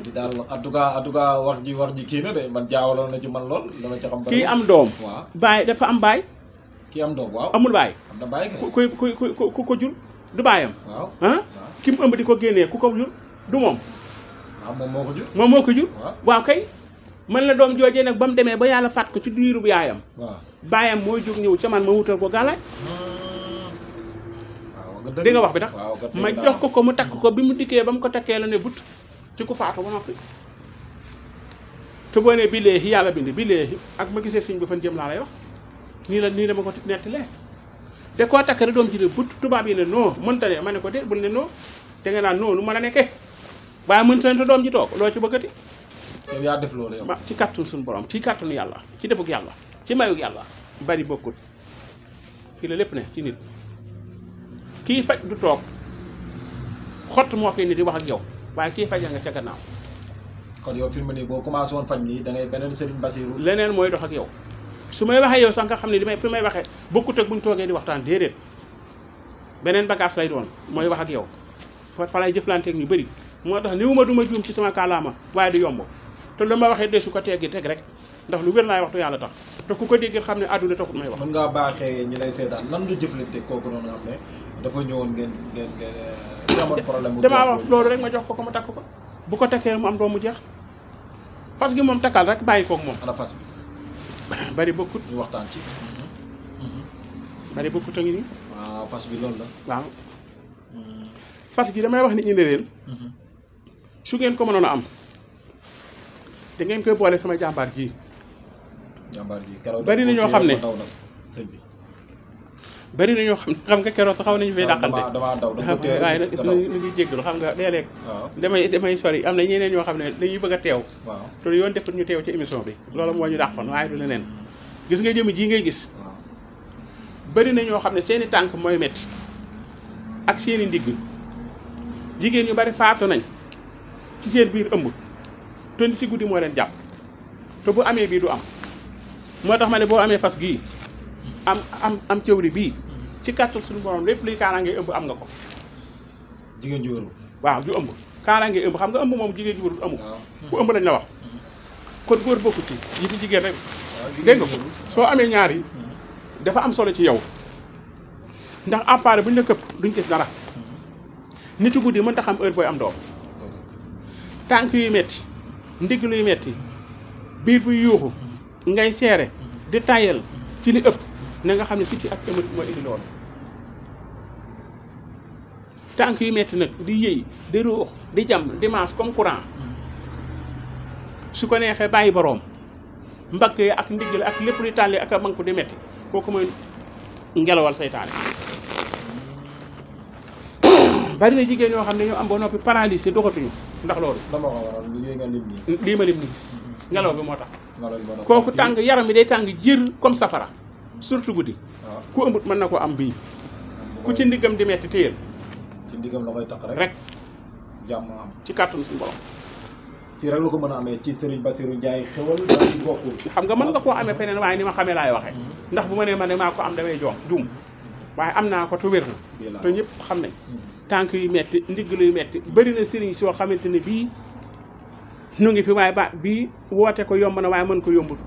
di ah, daal en tout cas en tout cas wax ji wax ji kii na de man jaawaloon na ci man lool dama ci xam. kii am doom waaw baay dafa am baay. kii am doom waaw amul baay. am na baay ku ko ku ku ko jur du baayam. waaw ah ki mu ëmb di ko génnee ku ko jur du moom. waaw moom moo ko jur moom moo ko jur. waaw kay man la doom joojee nag ba mu demee ba yàlla fàtt ko ci diiru yaayam. waaw baayam mooy jóg ñëw ca man ma wutal ko gàllaaj di nga wax bi tax ma jox ko ko mu takk ko bi mu dikkee ba mu ko takkee la ne but ci ku faatu ba noppi boo bi léegi yàlla bind bi léegi ak ma gisee siñ bi fan jëm laa lay nii la nii dama ko nettalee te koo takk rek doom tubaab yi ne non mënta ne ma ne ko de bul ne noo te nga naan non nu mën a nekkee waaye mën ne te doom ji toog loo ci bëggati yow yaa def loolu yow ci kàttun suñu borom ci kàttun yàlla ci defuk yàlla ci mayug yàlla bari bokkut fii la lépp ne ci nit kii faj du toog xott moo fi nit di wax ak yow waaye kii faj nga ca gannaaw. kon yow film nii boo commencé woon faj nii da ngay beneen Serigne Bassirou. leneen mooy dox ak yow su may waxee yow sax nga xam ne li may may waxee bokkut ak bu ñu toogee di waxtaan déedéet beneen bagage lay doon mooy wax ak yow fa fa lay jëflanteeg ñu bëri moo tax néew ma du ma juum ci sama kàllaama waaye du yomb te lu ma waxee de su ko teggi teg rek ndax lu wér laay waxtu yàlla tax. te ku ko dégg xam ne àdduna taxul may wax. mën ngaa baaxee ñi lay seetaan lan nga jëflante kooku noonu nga xam ne dafa ñëwoon ngeen ngeen ngeen eh, amoon problème. dama wax loolu rek ma jox ko ko ma takk ko bu ko takkee mu am doomu jeex fas gi moom takkal rek bàyyi koog moom. ana fas bi. bari bokkut ñu waxtaan ci. Mm-hmm. bari bokkut a ngi nii. waaw fas bi loolu la. waaw mm-hmm. fas gi damay wax ni ñi ne leen. Mm-hmm. su ngeen ko mënoon a am da ngeen koy boole sama jàmbaar gii. bari na ñoo xam ne bari na ñoo xam ne xam nga keroog sax xaw nañu fay dàqante waaye nag ñu ngi jéggalu xam nga léeg-léeg damay damay sori am na ñeneen ñoo xam ne dañuy bëgg a teew te yoon def defut ñu teew ci émission bi loolu moo ñu dàqoon waaye du leneen gis nga jëmm ji ngay gis bari na ñoo xam ne seeni tànk mooy metti ak seeni ndigg jigéen ñu bari faatu nañ ci seen biir ëmb te si guddi moo leen jàpp te bu amee bii du am moo tax ma ne boo amee fas gii am am am cëwri bii ci kàttu suñu borom lépp luy kaaraange ëmb am nga ko. jigéen ju ëmb. waaw ju ëmb kaaraange ëmb xam nga ëmb moom jigéen ju warul amul. ku ëmb lañ la wax. kon góor bokku ci yi fi jigéen rek. dégg nga soo amee ñaar yi dafa am solo ci yow ndax appareil bu ñu la këpp duñ gis dara nit yu guddi mën ta xam heure booy am doom tànk yuy metti ndigg metti biir buy yuuxu. ngay seere di tayal ci li ëpp na nga xam ne siti ak émati mooy indi loolu tànk yu metti nag di yëy di ruux di jam di maas comme courant su ko neexee bàyyi boroom mbagg ak ndigg la ak lépp luy tàlli ak a banku di metti kooku mooy ngelawal seytaane bari na jigéen ñoo xam ne ñoo am ba noppi paralysé doxatuñu ndax loolu. dama ko ma lim nii. ngelaw bi moo tax. kooku tàng yaram bi day tàng jër comme safara surtout guddi ah. ku ëmbut mën na koo am bii ku ci ndiggam di metti téyel ci ndiggam la koy tax rek am ci kàttanu suñu borom rek la ko mën a amee ci Serigne ba Ndiaye xewal ci bokkul xam nga mën nga koo amee feneen waaye ni ma xamee laay waxee ndax bu ma nee ma ne maa ko am damay joom juum waaye am naa ko te wér na te ñëpp xam ne mm-hmm. tànk yu metti ndigg yu metti bari na sëriñ soo xamante ne bii nu ngi fi waaye baat bii woote ko yomb na waaye mën ko yombul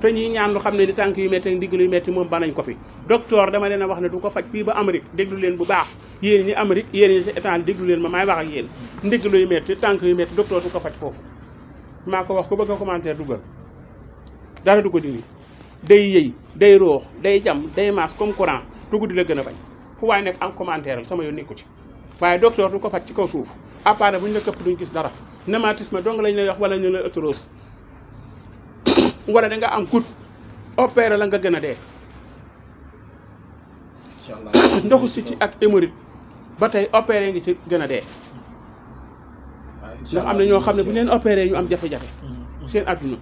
te ñuy ñaan lu xam ne di tànk yu métti ak digg yu métti moom nañ ko fi docteur dama leen a wax ne du ko faj fii ba Amérique déglu leen bu baax yéen ñi Amérique yéen ñi ci état ma maay wax ak yéen ndigg yu métti tànk yu métti du ko faj foofu maa ko wax ko bëgg a du dugal dara du ko dindi day yëy day roox day jam day maas comme courant du di la gën a bañ fu waaye nekk am commentaire sama yoon ko ci waaye docteur du ko faj ci kaw suuf à part bu ñu la këpp duñ gis dara nématisme dong lañ lay wax wala ñu la autorose wala da nga am gut opéré la nga gën a dee. incha allah ndoxu si ci ak hémorroïde ba tey opéré ngi ci gën a dee. ndax am na ñoo xam ne bu leen opéré ñu am jafe-jafe. Mm-hmm. seen adduna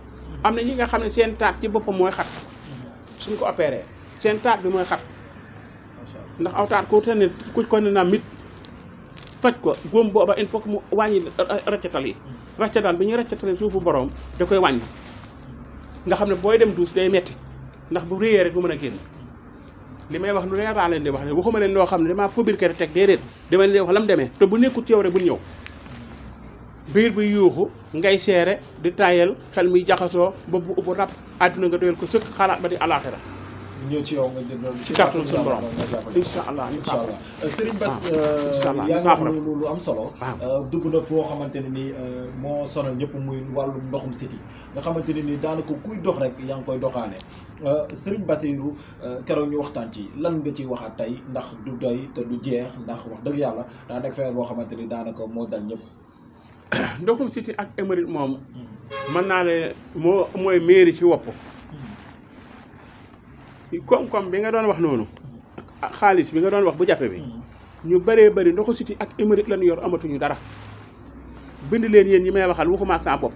am na ñi nga xam ne seen taat ci boppam mooy xat mm-hmm. suñ ko opéré seen taat bi mooy xat. ndax aw taat ku ko ne ku ko ne naa mit faj ko góom booba il faut mu wàññi raccatal yi raccatal bi ñuy raccatal suufu borom da koy wàññi nga xam ne booy dem duus day metti ndax bu réyee rek du mën a génn li may wax lu leer laa leen di wax ne waxuma leen loo xam ne damaa fobir kere teg déedéet dama leen wax lam demee te bu nekkut yow rek bul ñëw biir bi yuuxu ngay seere di tayal xel muy jaxasoo bopp bu ubbu rab àdduna nga doyal ko sëkk xalaat ba di alaaxira ñëw ci yow nga jëndoon ci kàttan suñu borom incha allah incha allah Serigne Bass ah, euh, yaa ngi wax lu am solo ah. euh, dugg na foo xamante ne nii euh, moo solo ñëpp muy wàllum ndoxum siti nga xamante ne nii daanaka kuy dox rek yaa ngi koy doxaane Serigne Bassirou keroog ñu waxtaan ci lan nga ciy waxaat tey ndax du doy te du jeex ndax wax dëgg yàlla daanaka feebar boo xamante ni daanaka moo dal ñëpp ndoxum siti ak émérite moom mën naa ne moo mooy mairie ci wopp koom-koom bi nga doon wax noonu xaalis bi nga doon wax bu jafe bi ñu baree bari ndoxu siti ak émérite lañu yor amatuñu dara bind leen yéen ñi may waxal waxuma ak sama bopp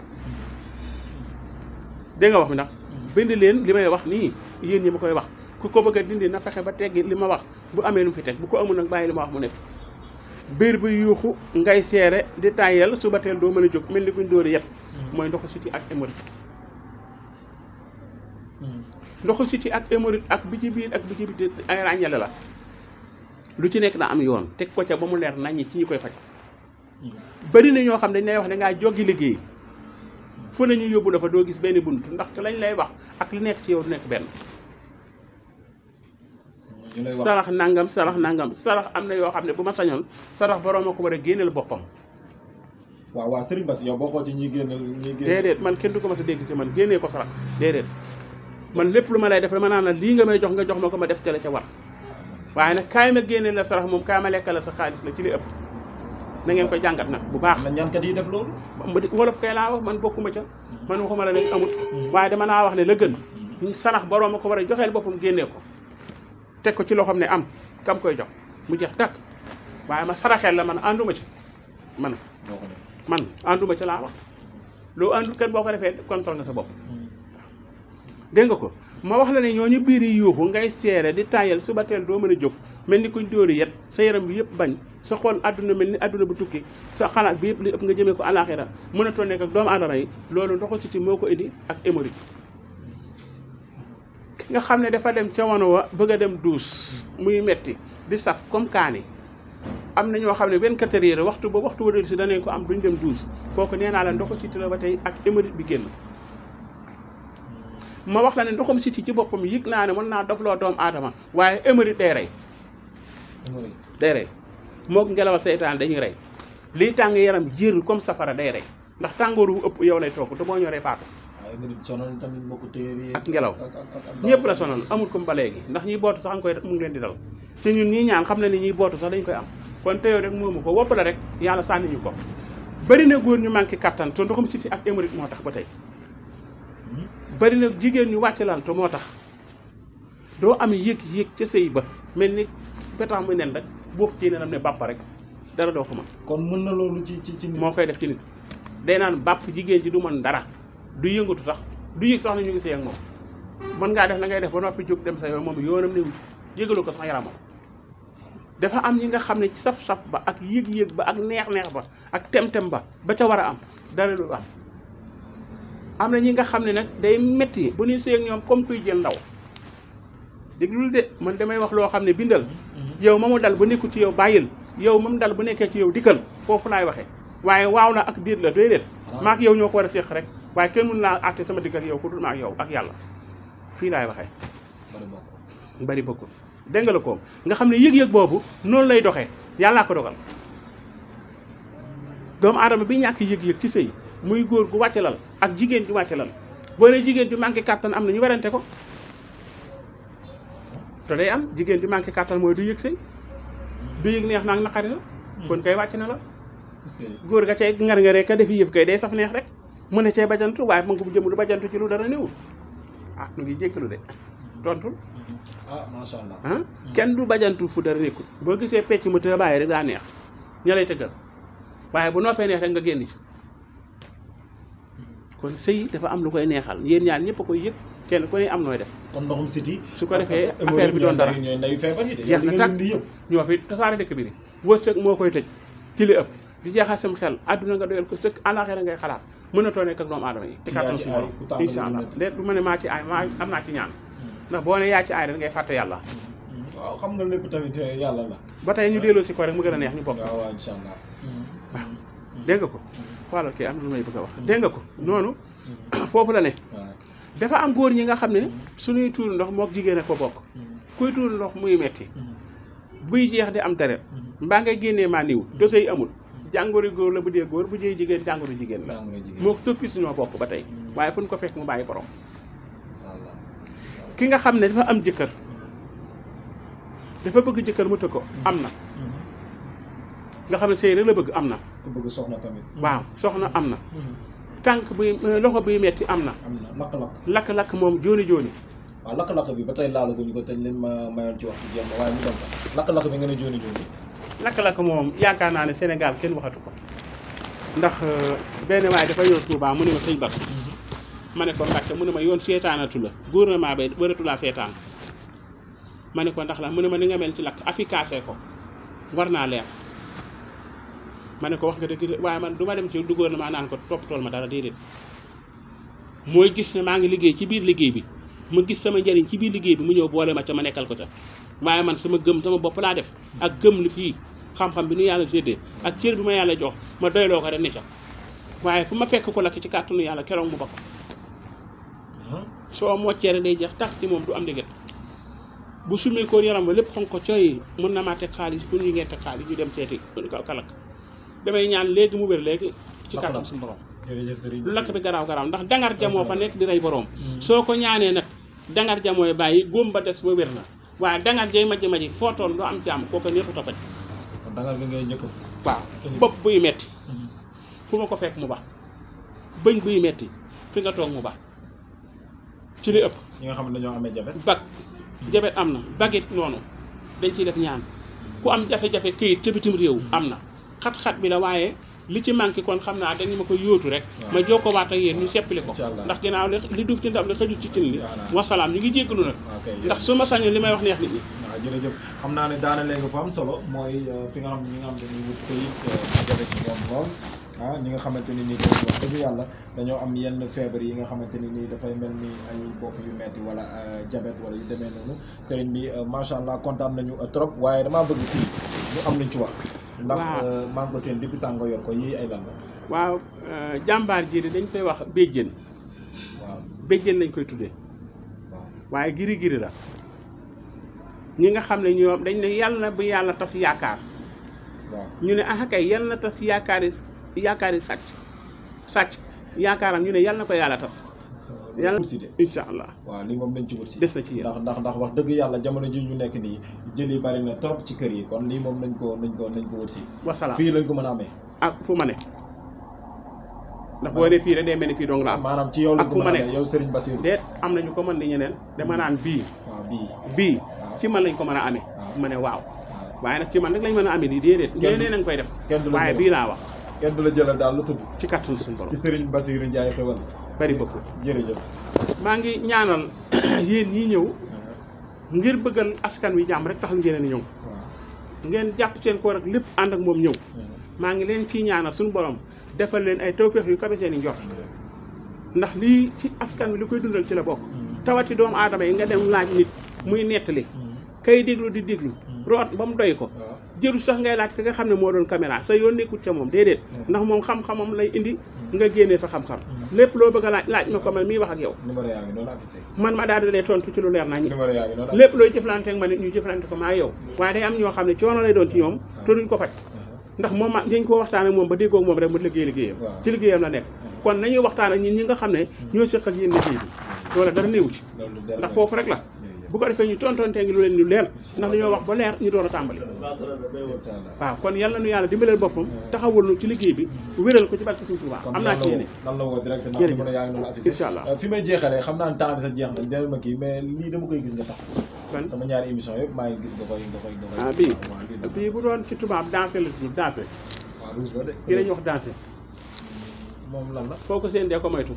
dégg nga wax mi ndax bind leen li may wax nii yéen ñi ma koy wax ku ko bëgg a dindi na fexe ba teggi li ma wax bu amee lu mu fi teg bu ko amul nag bàyyi li ma wax mu nekk biir bi yuuxu ngay seere di tàyyal suba teel doo mën a jóg mel ni kuñ dóori yëpp mm. mooy ndoxu siti ak émérite mm. ndoxu siti ak hémorite ak bi ci biir ak bi ci biir ay ràññale la lu ci nekk na am yoon teg ko ca ba mu leer nañ ci ñi koy faj bari na ñoo xam dañ lay wax da liggéey fu ne ñu yóbbu dafa doo gis benn bunt ndax lañ lay wax ak li nekk ci yow nekk benn sarax nangam sarax nangam sarax am na yoo xam ne bu ma sañoon sarax borom a ko war a génneel boppam waaw waaw sëriñ Bass yow ci ñi génn ñi génn déedéet man kenn du ko mas a dégg ci man génnee ko sarax déedéet man lépp lu ma lay def dama naan la lii nga may jox nga jox ma ko ma def ca la ca war waaye nag kaay ma génneel la sarax moom kaay ma lekka la sa xaalis la ci li ëpp na ngeen koy jàngat nag bu baax ñaankat yi def loolu wolof kay laa wax man bokkuma ca man waxuma la nekk amut waaye dama naa wax ne la gën ñu sarax borom a ko war a joxeel boppam génnee ko teg ko ci loo xam ne am kam koy jox mu jeex takk waaye ma saraxeel la man ànduma ci man man ànduma ci laa wax loo àndul kenn boo ko defee contrôle nga sa bopp dégg nga ko ma wax la ne ñooñu biir yi yuuxu ngay seere di tayal suba teel doo mën a jóg mel ni kuñ dóori yet sa yaram bi yëpp bañ sa xool àdduna mel ni àdduna bu tukki sa xalaat bi yëpp li ëpp nga jëmee ko alaxira mënatoo nekk ak doomu aadama yi loolu ndoxu siti moo ko indi ak émori ki nga xam ne dafa dem ca wano wa bëgg a dem duus muy metti di saf comme kaani am na ñoo xam ne benn katariére waxtu ba waxtu wadal si danañ ko am duñ dem duus kooku nee naa la ndoxu siti la ba tey ak émori bi génn ma wax la ne ndoxam siti ci boppam yëg naa ne mën naa dofloo doomu aadama waaye émeri day rey day rey moog ngelawal seytaan dañuy rey liy tàng yaram jër comme safara day rey ndax tàngooru wu ëpp yow lay toog te boo ñoree faatu ah, ak ngelaw ñëpp la sonal amul comme ba léegi ndax ñuy bootu sax nga koy mu ngi leen di dal te ñun ñii ñaan xam na ni ñuy bootu sax dañ koy am kon teyoo rek moomu ko wopp la rek yàlla sànni ñu ko bëri na góor ñu manqué kattan te ndoxam siti ak émérite moo tax ba tey bari nag jigéen ñu wàccalantu moo tax doo am yéeg-yéeg ca sëy ba mel ni pétan mu nen rek boof ci nenam ne bàpp rek dara doo ko mën kon mën na loolu ci ci ci nit moo koy def ci day naan bàpp jigéen ji du mën dara du yëngatu tax du yëg sax na ñu ngi sëy ak moom mën ngaa def na ngay def ba noppi jóg dem sa yoon moom yoonam ne yëgalu ko sax yaramam dafa am ñi nga xam ne ci saf-saf ba ak yéeg yéeg ba ak neex-neex ba ak tem-tem ba ba ca war a am dara du am am na ñi nga xam ne nag day metti bu ñuy sëy ñoom comme kuy jël ndaw déglul de man damay wax loo xam ne bindal mm-hmm. yow ma mu dal bu nekku ci yow bàyyil yow ma mu dal bu nekkee ci yow dikkal foofu laay waxee waaye waaw la ak diir la déedéet ah. maak yow ñoo ko war a séq rek waaye kenn mun laa àtte sama digg ak yow ku dul maak yow ak yàlla fii laay waxee bari bokkul dégg nga ko nga xam ne yëg-yëg boobu noonu lay doxee yàllaa ko dogal doomu aadama bi ñàkk yëg-yëg ci sëy muy góor gu wacce lal ak jigéen ju wacce lal boo ne jigéen ju manqué kàttan am na ñu werante ko te day am jigéen ju manqué kàttan mooy du yëg sëy du yëg neex na ak naqari la kon kay wàcc na la góor ga cay ngar ngaree ka def yëf kay day saf neex rek mu ne cay bajantu waaye mu ngi jëm du bajantu ci lu dara néewul ah nu ngi jéggalu de tontul ah ah kenn du bajantu fu dara nekkul boo gisee pecc mu te bàyyi rek daa neex ñalay tëggal waaye bu noppee neex rek nga génn ci kon sëy dafa am lu koy neexal yéen ñaar ñëpp a koy yëg kenn ku ne am nooy def. kon ndoxum siti su ko defee affaire bi doon dara jeex na tàkk ñoo fi tasaare dëkk bi ni wërsëg koy tëj ci li ëpp di jeexal sam xel àdduna nga doyal ko sëkk àllaaxira ngay xalaat mënatoo nekk ak doomu aadama yi ci kàttan suñu borom incha allah ne maa ci aay maa am naa ci ñaan ndax boo ne yaa ci aay rek ngay fàtte yàlla waaw xam nga lépp tamit eh, yàlla la ba tey ñu delloo si ko rek mu gën a neex ñu bokk waaw dégg nga ko mm. xoolal kay am na lu may bëgg a wax dégg nga ko noonu foofu la ne dafa am góor ñi nga xam ne suñuy tuur ndox mook jigéen a ko bokk kuy tuur ndox muy metti buy jeex di am deret mbaa ngay génnee maa niw dose yi amul jàngoro góor la bu dee góor bu dee jigéen jàngoro jigéen la moo toppi suñoo bokk ba tey waaye fu ñu ko fekk mu bàyyi borom ki nga xam ne dafa am jëkkër dafa bëgg jëkkër mu të ko am na mm-hmm. nga xam ne sëy rek la bëgg am na. bëgg soxna tamit. waaw soxna am na. Mm-hmm. tànk buy euh, loxo buy metti am na. am na lakk-lakk. moom jooni jooni. waaw lakk-lakk bi ba tey laalaguñu ko te leen ma mayoon ci waxtu jéem lakk-lakk moom yaakaar naa ne Sénégal kenn waxatu ko. ndax euh, benn waay dafa yor Touba mu ne ma sëñ ba mm-hmm. ma ne ko Mbàkke mu ne ma yoon seetaanatu la gouvernement bay waratu ma ne ko ndax la mu ne ma ni nga mel ci lakk afficace ko war naa leer. ma ne ko wax nga dëgg waaye man ma dem ci du gouvernement naan ko toppatool ma dara déedéet mooy gis ne maa ngi liggéey ci biir liggéey bi ma gis sama njëriñ ci biir liggéey bi mu ñëw boole ma ca ma nekkal ko ca waaye man sama gëm sama bopp laa def ak gëm li fii xam-xam bi nu yàlla séddee ak cër bi ma yàlla jox ma doyloo ko rek ne ca waaye fu ma fekk ko la ci kàttanu yàlla keroog mu ba ko soo moccee rek day jeex tax ci moom du am déggat bu sumee ko yaram ba lépp xonq ko cooy mën na maa teg xaalis pour ñu ngeen teg xaalis dem seeti kalak damay ñaan léegi mu wér léegi ci kàttan suñu borom lu lakk bi garaaw garaaw ndax dangar jamoo fa nekk di rey borom hmm. soo ko ñaanee nag dangar jamoo bàyyi góom ba des ba wér na waaye dangar jay maji maji foo toll doo am jàmm kooku neexut a faj dangar bi ngay njëkk waaw bopp buy metti hmm. fu ma ko fekk mu baax bëñ buy metti fi nga toog mu baax ci li ëpp ñi nga xam ne dañoo amee jabet bag jabet am na bagit noonu dañ ciy def ñaan ku am jafe-jafe këyit ca bitim réew am na xat-xat bi la waaye li ci manqué kon xam naa dañu ma ko yóotu rek ma jokkowaat ak yéen ñu seppali ko ndax ginnaaw li li duuf ci ndab li xëju ci li ngi jéggalu nag ndax su ma sañoon li may wax neex nit ñi jërëjëf xam naa ne daana léegi fa am solo mooy euh, fi nga xam ñi nga xam dañuy wut këyit euh, jafe ci ñoom ah, nga xamante ni nii ko yàlla dañoo am yenn feebar yi nga xamante ni nii dafay mel ni ay bopp yu metti wala jabet euh, wala yu demee noonu sëriñ bi macha allah kontaan nañu trop waaye damaa bëgg fii ñu am luñ ci wax. ndax euh, maa ngi ko seen depuis sànq yor ko yii ay lan la. waaw euh, jàmbaar jii de dañ koy wax béjjén. waaw lañ koy tuddee. waaye giri giri la. ñi nga xam ne ñoom dañ ne yàlla bu yàlla tas yaakaar. ñu ne ah kay yàlla na tas yaakaari yaakaari sàcc. sàcc yaakaaram ñu ne yàlla ko yàlla tas. yàlla wut si de incha allah waaw lii moom nañ ci wut si des na ci yéen ndax ndax wax dëgg yàlla jamono ji ñu nekk nii jëli bari na trop ci kër yi kon lii moom nañ ko nañ ko nañ ko wut si wasalaam fii lañ ko mën a amee ak ah, fu ma ne ndax boo dee fii rek day mel ni fii dong la am maanaam ci yow la ko mën a amee yow Serigne Bassirou déet am nañu ko mën di ñeneen dama naan bii waaw bii bii man lañ ko mën a amee ma ne waaw waaye nag ci man rek lañ mën a amee lii déedéet ñeneen nañ koy def waaye bii laa wax kenn du la jëlal daal lu tudd ci kattan suñu borom ci Serigne Bassirou Ndiaye xewal bari beaucoup. jërëjëf. maa ngi ñaanal yéen ñi ñëw ngir bëggal askan wi jàmm rek tax ngeen a ñëw. ngeen jàpp seen koor rek lépp ànd ak moom ñëw. maa ngi leen ciy ñaanal suñu borom defal leen ay tawféex yu kabe seen i njort ndax lii ci askan wi li koy dundal ci la bokk. Mm. tawati doomu aadama yi nga dem laaj nit muy nettali. Mm. kay déglu di déglu. Mm. root ba mu doy ko jëru sax ngay laaj ka nga xam ne moo doon caméra sa yoon nekkul ca moom déedéet mm. ndax moom xam-xamam lay indi mm. nga génnee sa xam-xam mm. lépp loo bëgg a laaj laaj ma ko wax ak yow man ma daal di tontu ci lu leer nañ lépp looy jëflante ak ma nit ñu jëflante ko maa yow waaye day am ñoo xam ne coono lay doon ci ñoom te duñ ko faj ndax moom ma dañ ko waxtaan ak moom ba déggoo moom rek mu liggéey liggéeyam ci liggéeyam la nekk kon nañuy waxtaan ak ñun ñi nga xam ne ñoo séq ak yéen liggéey bi loolu dara néew ci ndax foofu rek la bu ko defee ñu tontontee ngi lu leen ñu leer ndax dañoo wax ba leer ñu door a tàmbali waaw kon yàlla nu yàlla dimbaleel boppam taxawul nu ci liggéey bi wéral ko ci barke suñu Tuubaa am naa ci yéene nan la woo directement mën a yaa ngi noonu affiché incha allah euh, fi may jeexalee xam naa ne temps bi sa jeex na deel ma kii mais lii dama koy gis nga tax yëpp maa ngi gis nga koy nga koy nga koy ah bii bii bu doon ci tubaab dansé la tudd dansé waaw ruus la de foo ko seen dee ko moytu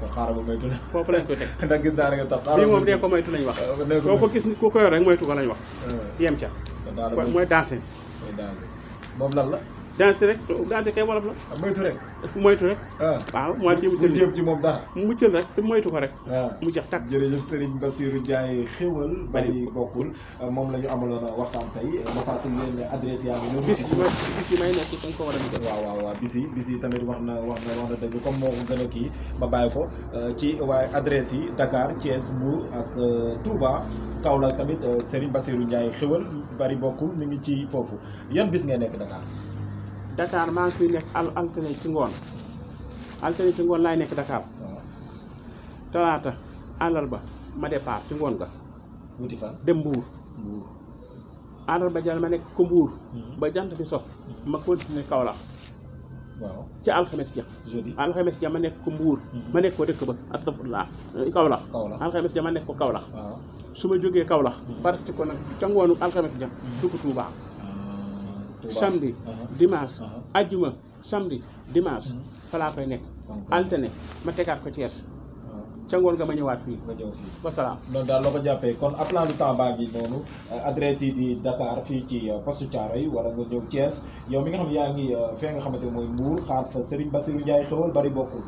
te xaaral ba moytu teg ndax gis naa ne tax xaaral moom dee ko moytu lañ wax. soo ko gis ku ko yor rek moytu ko lañ wax. yem ca. mooy danser. mooy danser moom lan la. danse rek danse kay wolof la. Ah, moytu rek. moytu rek. Ah. waaw mooy jéem ci jéem ci moom dara. mu jël rek te moytu ko rek. waaw ah. mu jeex tàkk. jërëjëf Serigne Bassirou Ndiaye xéwal. bari bokkul moom la ñu amaloon waxtaan tey ma fàttali leen ne adresse yaa ngi ñëw. bis yi bis yi may nekk si ko war a dugal. waaw waaw waaw bis yi bis yi tamit wax na wax na wax na dëgg comme moo gën a kii ma bàyyi ko euh, ci waaye adresse yi Dakar Thiès Mbour ak euh, Touba. Kaolack tamit euh, Serigne Bassirou Ndiaye xéwal bari bokkul mi ngi ci foofu yan bis ngay nekk Dakar. Dakar maa fi nek al alterné ci ngone alterné ci ngone lay nek Dakar talata alal ba ma départ ci ngone ga wuti fa dem mbuur mbuur alal ba jàll ma nekk ko mbuur hmm. ba jant fi sox ma continuer Kaolack waaw ci alxames ja alxames ja ma nek ko mbour hmm. ma nek ko dekk ba astafurlaa euh, Kaolack alxames ja ma nek ko Kaolack waaw suma jógee Kaolack hmm. parce que ko nag ca ngoonu alxames ja dugg touba samedi uh-huh. dimanche uh-huh. ajjuma samedi dimanche uh-huh. fa laa koy nekk altine ma tegaat ko Thiès ca ngoon nga ma ñëwaat fii nga ñëw fii wasalaam noonu daal loo ko jàppee kon appelant du temps baa ngi noonu euh, adresse yi di Dakar fii ci euh, poste Thiaroye wala nga ñëw Thiès yow mi nga xam yaa ngi euh, fee nga xamante ne mooy Mbour xaar fa Serigne Bassirou Ndiaye xewal bari bokkul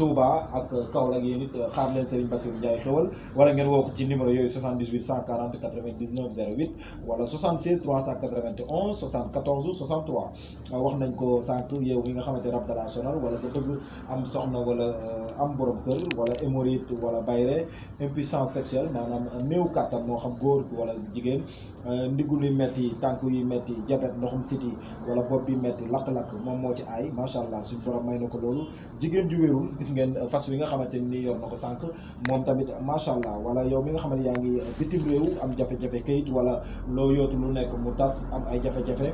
Touba ak Kaolack yéen it euh, xaar leen Serigne Bassirou Ndiaye xewal wala ngeen woo ko ci numéro yooyu 78 140 99 08 wala 76 391 74 63 wax nañ ko sànq yow mi nga xamante rab dala sonal wala nga bëgg am soxna wala euh, am borom kër wala hémorroïde wala bayre impuissance sexuelle maanaam néew kàttan moo xam góor wala jigéen Euh, ndigul yu métti tànk yu métti jabet ndoxum siti wala bopp bi métti lakk-lakk moom moo ci aay macha allah suñu borom may na ko loolu jigéen ju wérul gis ngeen euh, fas wi nga xamante ni yoon yor na ko sànq moom tamit macha allah wala yow mi nga xam yaa ngi euh, bitim réew am jafe-jafe kayit wala loo yootu lu nekk mu tas am ay jafe-jafe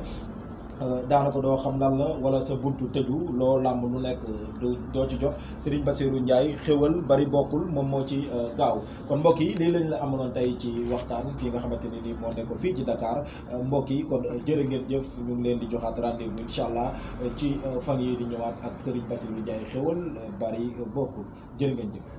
Euh, daanaka doo xam lan la wala sa buntu tëju loo làmb lu nekk du doo ci jot Serigne Bassirou Ndiaye xéwal bari bokul moom moo ci euh, gaaw kon mbokk yi lii lañ la amoon tey ci waxtaan fii nga xamante ni ci Dakar euh, kon jërë ngeen jëf ñu ngi leen di joxaat rendez-vous incha allah ci fan yii di ak Serigne Bassirou Ndiaye xéwal bari bokul jërë ngeen